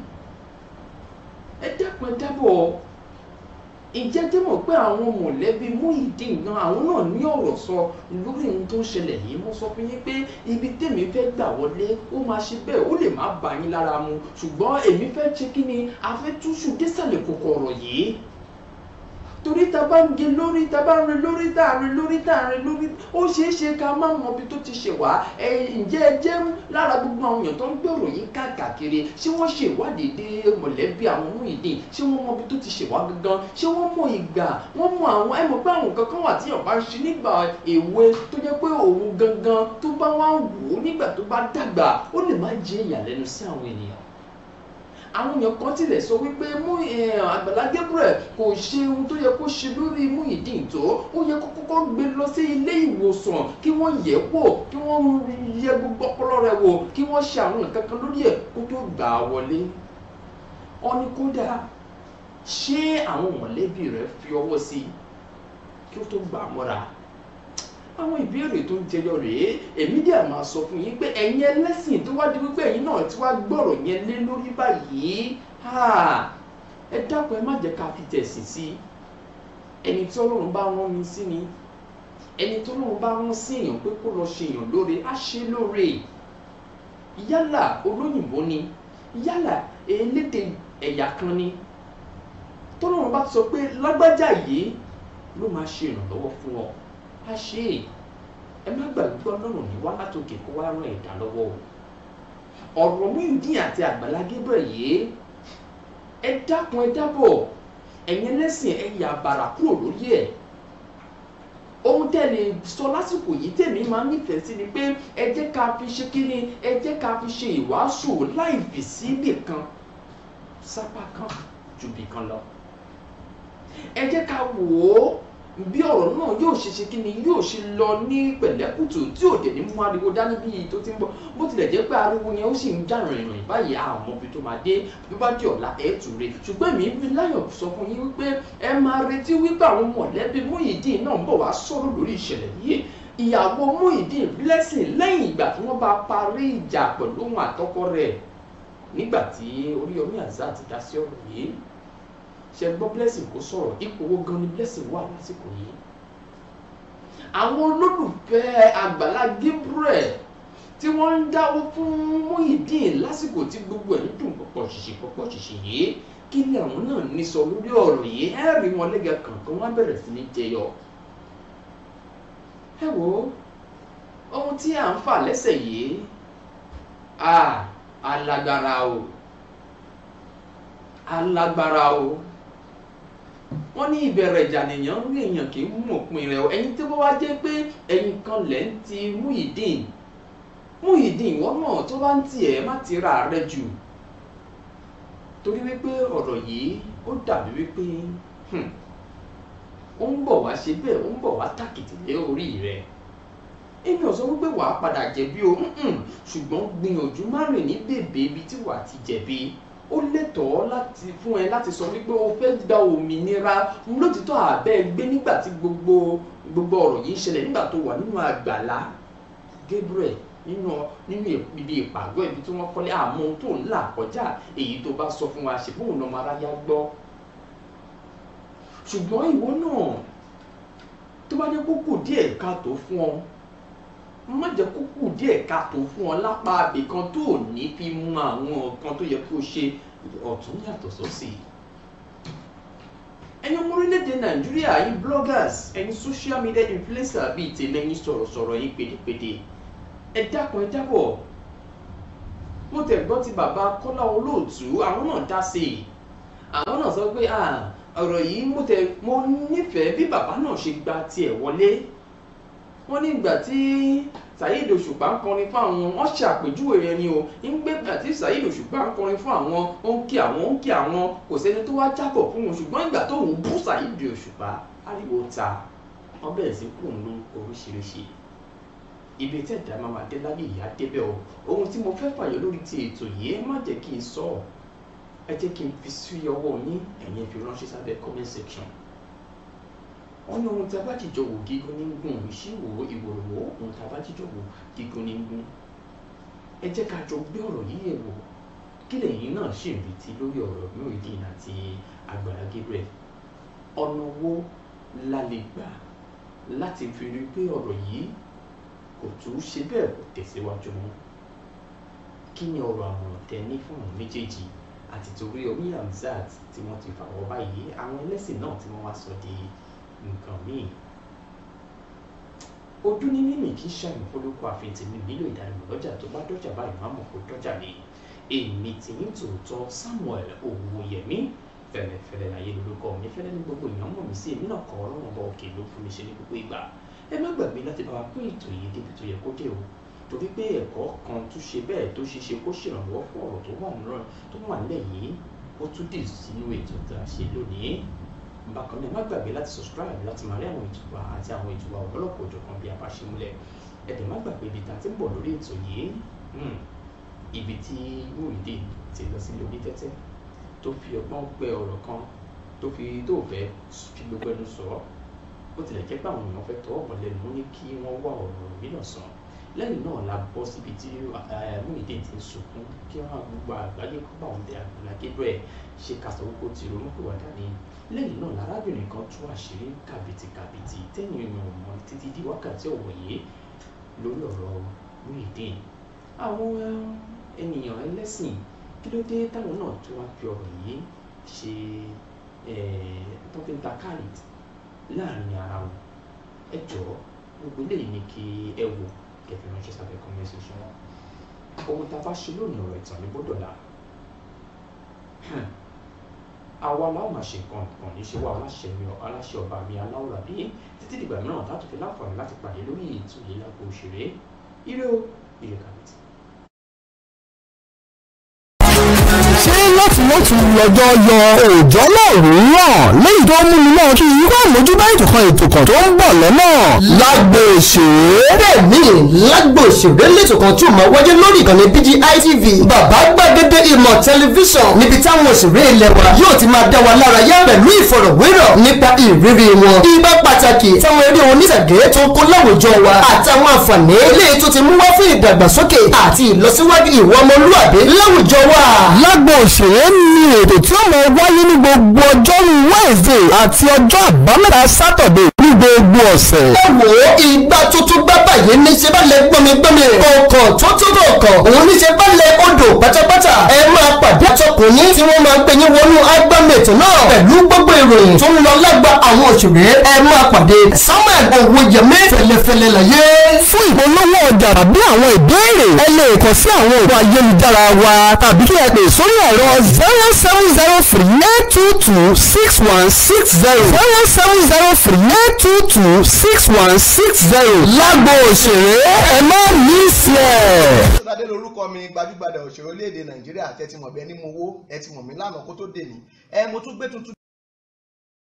ẹ dẹ́kun ẹ dábọ̀ ọ́ ìjẹ́ tí mọ̀ pé àwọn mọ̀lẹ́bí Muyideen náà àwọn náà ní ọ̀rọ̀ sọ lórí ohun tó ń ṣẹlẹ̀ yìí mo sọ fún yín pé ibi tèmi fẹ́ gbà wọlé ó máa ṣe bẹ́ẹ̀ ó lè má bà yín lára mu ṣùgbọ́n èmi fẹ́ ṣe kí ni a fẹ́ túṣu désàlẹ̀ kòkòrò yìí torí tá a bá ń gé lórí tá a bá ń rin lórí tá a rin lórí tá a rin lórí ó ṣeé ṣe ká má mọ ibi tó ti ṣe wá ǹjẹ́ ẹ jẹ́ lára gbogbo àwọn èèyàn tó ń gbèrò yín káàkiri ṣé wọ́n ṣe ìwádìí dé mọ̀lẹ́bí àwọn Muyideen ṣé wọ́n mọ ibi tó ti ṣe wá gangan ṣé wọ́n mọ ìgbà wọ́n mọ àwọn ẹ mọ̀ pé àwọn kankan wà tí ọ̀bá ṣe nígbà èwe tó jẹ́ pé òun gangan tó bá wá wò ó nígbà tó bá dàgbà ó lè má jẹ́ ìyàlẹ́nu sí àwọn ènìyàn àwọn èèyàn kan tilẹ̀ sọ wípé mú Àgbàlá Gabriel kò ṣe ohun tó yẹ kó ṣe lórí Muyideen tó ó yẹ kó kọ́kọ́ gbé lọ sí ilé ìwòsàn kí wọ́n yẹ̀ wò kí wọ́n yẹ gbogbo ọpọlọ rẹ̀ wò kí wọ́n ṣe àwọn nǹkan kan lórí ẹ̀ kó tó gbà á wọlé ọ ní kódà ṣé àwọn mọ̀lẹ́bí rẹ̀ fi ọwọ́ sí kí ó tó gbà á mọ́ra àwọn ìbéèrè tó ń jẹyọ rèé èmi dẹ̀ máa sọ fún yín pé ẹ̀yin ẹlẹ́sìn tó wá di wípé ẹ̀yin náà ti wá gbọ́rọ̀ yẹn lé lórí báyìí ẹ dákun ẹ má jẹ́ ká fi tẹ̀sìn sí ẹni tí ọlọ́run bá rán mi sí ni ẹni tó lóun bá rán sí èèyàn pé kó lọ ṣe èèyàn lóore á ṣe lóore yálà olóyìnbó ni yálà elédè ẹ̀yà kan ni tọ́lọ́run bá sọ pé lágbájá yìí ló máa ṣe ìrànlọ́wọ́ fún ọ wá ṣe é ẹ má gbàgbé ọlọ́run ní wá látòkè kó wá ràn ẹ̀dá lọ́wọ́ o ọ̀rọ̀ Muyideen àti Àgbàlá Gabriel yìí ẹ dákun ẹ dábọ̀ ẹ̀yin ẹlẹ́sìn ẹ yà bàrà kúrò lórí ẹ̀ ohun tẹ́ lè sọ lásìkò yìí tèmi máa nífẹ̀ẹ́ sí ni pé ẹ jẹ́ ká fi ṣe kíni ẹ jẹ́ ká fi ṣe ìwàásù láì fi síbì kan sápá kan jùbì kan lọ ẹ jẹ́ ká wò ó bí ọ̀rọ̀ náà yóò ṣe ṣe kí ni yóò ṣe lọ ní pẹ̀lẹ́kùtù tí òde ní mú ariwo dání bí tó ti ń bọ̀ bó tilẹ̀ jẹ́ pé ariwo yẹn ó sì ń jà rìnrìn báyìí àmọ́ ibi tó máa dé bí bá di ọ̀la ẹ̀ tù re ṣùgbọ́n èmi fi láyọ̀ sọ fún yín wípé ẹ máa retí wípé àwọn mọ̀lẹ́bí Muyideen náà ń bọ̀ wá sọ̀rọ̀ lórí ìṣẹ̀lẹ̀ yìí ìyàwó Muyideen Blessing lẹ́yìn ṣe gbọ́ blessing kò sọ̀rọ̀ ipò owó gan ni blessing wà lásìkò yìí àwọn olólùfẹ́ àgbàlá Gabriel tí wọ́n ń dáwó fún Muyideen lásìkò tí gbogbo ẹ̀ ń dùn pọ̀pọ̀ ṣìṣì pọ̀pọ̀ ṣìṣì yìí kí ni àwọn náà ní sọ lórí ọ̀rọ̀ yìí ẹ rí wọn lẹ́gà kankan wọ́n bẹ̀rẹ̀ sí ní jẹyọ. ẹ wo ohun tí à ń fà lẹ́sẹ̀ yìí a alágbára o alágbára o wọ́n ní ìbẹ̀rẹ̀ ìjà nìyàn rí èèyàn kì í mú òpin rẹ̀ o ẹ̀yin tó bá wá jẹ́ pé ẹ̀yin kan lẹ̀ ń ti Muyideen Muyideen ìwọ náà tó bá ń tiẹ̀ má ti ra rẹ jù torí wípé ọ̀rọ̀ yìí ó dàbí wípé hmm, ó ń bọ̀ wá ṣe bẹ́ẹ̀ ó ń bọ̀ wá tàkìtì lé orí rẹ̀ èmi ò sọ wípé wàá padà jẹ̀bi o hmm, hmm, ṣùgbọ́n gbìyànjú má rìn ní bèbè ibi tí wàá ti jẹ̀bi ó lẹ́tọ̀ọ́ láti fún ẹ láti sọ wípé o fẹ́ gba òmìnira lótìtọ́ àbẹ́ gbé nígbà tí gbogbo gbogbo ọ̀rọ̀ yìí ń ṣẹlẹ̀ nígbà tó wà nínú àgbàlá Gabriel nínú nínú ibi ìpàgọ́ ibi tí wọ́n kọ́lé àmọ́ ohun tó ń là kọjá èyí tó bá sọ fún wa ṣe fún òun ọmọ aráyá gbọ́ ṣùgbọ́n ìwọ náà tó bá dé kókò díẹ̀ káàtó fún ọ má jẹ́ kó kù díẹ̀ káàtó fún ọ lápá abì kan tó ò ní fi mú àwọn nǹkan tó yẹ kó ṣe ọ̀tún yàtọ̀ sọ́sì. ẹ̀yin orílẹ̀-èdè nàìjíríà yín bloggers ẹ̀yin social media influencer bíi tèlé yín sọ̀rọ̀sọ̀rọ̀ yín pédépédé ẹ dákun ẹ jábọ̀ mo tẹ̀ gbọ́ ti bàbá kọ́lá olóòtú àwọn náà dá sí i àwọn náà sọ pé ọ̀rọ̀ yìí mo nífẹ̀ẹ́ bí bàbá náà ṣe gba tiẹ̀ wọlé wọ́n ní ìgbà tí Saheed Òṣùpá ń kọrin fún àwọn wọ́n ṣe àpèjúwe rẹ̀ ni o ńgbé ìgbà tí Saheed Òṣùpá ń kọrin fún àwọn ó ń kí àwọn ó ń kí àwọn kò sẹ́ni tó wá jábọ̀ fún wọn ṣùgbọ́n ìgbà tó ń bú Saheed Òṣùpá ariwo ta wọ́n bẹ̀rẹ̀ sí kù ń lo oríṣiríṣi ibi tí ẹ̀dá máa dé láyé ìyá débẹ̀ o ohun tí mo fẹ́ fàyọ lórí ti ètò yìí má jẹ́ kí n sọ ẹ jẹ́ kí n fi sí ọwọ́ yín ẹ̀yin fi sábẹ́ comment section wọ́n ní ohun tí a bá ti jọ wò gígùn ní gùn ìṣirò ìwòrò ohun tí a bá ti jọ wò gígùn ní gùn ẹ jẹ́ ká jọ gbé ọ̀rọ̀ yìí yẹ̀ wò kí lẹ́yìn náà ṣì ń retí lórí ọ̀rọ̀ Muyideen àti Agbala Gabriel ọ̀nà wo la lè gbà láti fi rí pé ọ̀rọ̀ yìí kò tún ṣe bẹ́ẹ̀ kò tẹ̀síwájú mọ́ kí ni ọ̀rọ̀ àmọ̀ràn tẹ ní fún àwọn méjèèjì àti torí omi Hamzat tí wọ́n ti fà wọ́ báyìí àwọn ẹlẹ́sìn náà tí wọ́n wá sọ di nǹkan míì ojú ní mímì kì í ṣàyàn polówó àfi nílò ìdánimọ̀ lọ́jà tó bá dọ́jà báyìí máa mọ̀ kó dọ́jà ni èmi tí ń tòótọ́ Samuel Owóyẹmí fẹlẹfẹlẹ láyé lórúkọ mi fẹlẹ ní gbogbo èèyàn mọ̀ mí sí èmi náà kọ́ ọlọ́run ọba òkè ló fún mi ṣe ní gbogbo ìgbà ẹ má gbàgbé láti bá wa pín ètò yìí débi tó yẹ kó dé o torí pé ẹ̀kọ́ kan tún ṣe bẹ́ẹ̀ tó ṣe ṣe kó ṣèrànwọ́ fún ọ̀rọ̀ tó wà nílẹ̀ yìí ó tún dì sínú ètò tá a ṣe lónìí bákan náà má gbàgbé láti subscribe láti máa rí àwọn ìtura àti àwọn ìtura ọ̀pọ̀lọpọ̀ òjọ̀kan bí apàṣẹmúlẹ̀ ẹ̀dẹ̀ má gbàgbé ibi tá a ti ń bọ̀ lórí ètò yìí hmm, ibi tí Muyideen ti lọ sílé onítẹ́tẹ́ tó fi ọgbọ́n pẹ ọ̀rọ̀ kan tó fi tó fẹ́ fi gbogbo ẹnu sọ ó tilẹ̀ jẹ́ pé àwọn èèyàn fẹ́ tọ́ ọ̀pọ̀ lẹ́nu ó ní kí wọ́n wá ọ̀rọ̀ mìíràn sàn lẹ́yìn náà la bọ́ síbi tí Muyideen ti ń sunkún kí wọ́n gbogbo àgbáyé kó bá òun tẹ àgbàlagé bẹ́ẹ̀ ṣe kàṣọ́ gbogbo tìrònú kúrò dání lẹ́yìn náà lárábìnrin kan tú àṣírí kàbìtìkàbìtì tẹ́yìn ò mọ̀ títí di wákàtí ọ̀wọ̀ yìí lórí ọ̀rọ̀ Muyideen àwọn ehm, ènìyàn ẹlẹ́sìn kí ló dé táwọn náà tó wá fi ọ̀rọ̀ yìí ṣe eh, tó fi ń ta káàdì láàrin ara wọn ẹ jọ̀ọ́ gbogbo eléyìí ni kí ẹ wò kẹfì ránṣẹ́ sábẹ́ kọ́mẹ́sì wọn ohun tá a bá ṣe lónìí ọ̀rọ̀ ìtàn ní gbọ́dọ̀ la àwa láwọn máa ṣe nǹkan nǹkan ní ṣe wá aláṣẹ mi aláṣẹ ọba mi aláwòrán bí títí dìgbà mìíràn látòkè láǹfààní láti pàdé lórí ètò yìí òṣèré ire o ire kàbìtì. ló ti lọ́jọ́ yọ òòjọ́ náà rúràn lẹ́yìn tó mú mi náà kí irú àmójúbá ètò kan ètò kan tó ń bọ̀ lọ́nà. lágbo òṣèré bẹ́ẹ̀ ni lágbo òṣèré lẹ́tò kan tí ò máa wáyé lórí ìkànnì BGI TV bàbá gbàgede ìmọ̀ tẹlifíṣàn níbi táwọn òṣèré ilẹ̀ wa yóò ti máa dá wa lára yá pẹ̀lú ìfọ̀rọ̀wérọ̀ nípa ìrírí wọn. ibà pàtàkì táwọn eré oníṣàgé tó kó láwùjọ wa àtàwọn àǹfààní eléyìí tó ti mú wá fún ìdàgbàsókè àti ìlọsíwájú ìwà ọmọlúwàbí láwùjọ wa. lágbo òṣèré ni ètò tí ó mọ wáyé ní gbogbo ọjọ́rú Wednesday àti ọjọ́ àbámẹ́ta Saturday gbogbo ọ̀sẹ̀. báwo ìgbà tuntun gbá báyìí níṣẹ́ bá lẹ gbọ́mi gbọ́mi ọkàn tó túbọ̀ kàn òun níṣẹ́ bá lẹ odò pátápátá ẹ máa pàdé àtọkùnrin tí wọ́n máa ń pè ní wọnú agbámẹ̀tò náà pẹ̀lú gbogbo ìròyìn tó ń lọ lágbà àwọn òṣèré ẹ máa pàdé samuel owóyẹmí fẹlẹfẹlẹ láyé. fún ìpolówó ọjà tàbí àwọn ìbéèrè ẹ lè kàn sí àwọn òkú ayélujára wa tàbí kí ẹ pè sórí ẹ̀rọ zero seven zero three eight two two six one six zero zero seven zero three eight two two six one six zero lágbo òṣèré ẹ má mísì ẹ. Ṣọ́dádé lorúkọ mi gbajúgbajà òṣèré orílẹ̀-èdè Nàìjíríà tẹ́tí mọ̀ bí ẹni mowó ẹ ti mọ̀ mí lánàá kó tó dé ní ẹ mo tún gbé tuntun.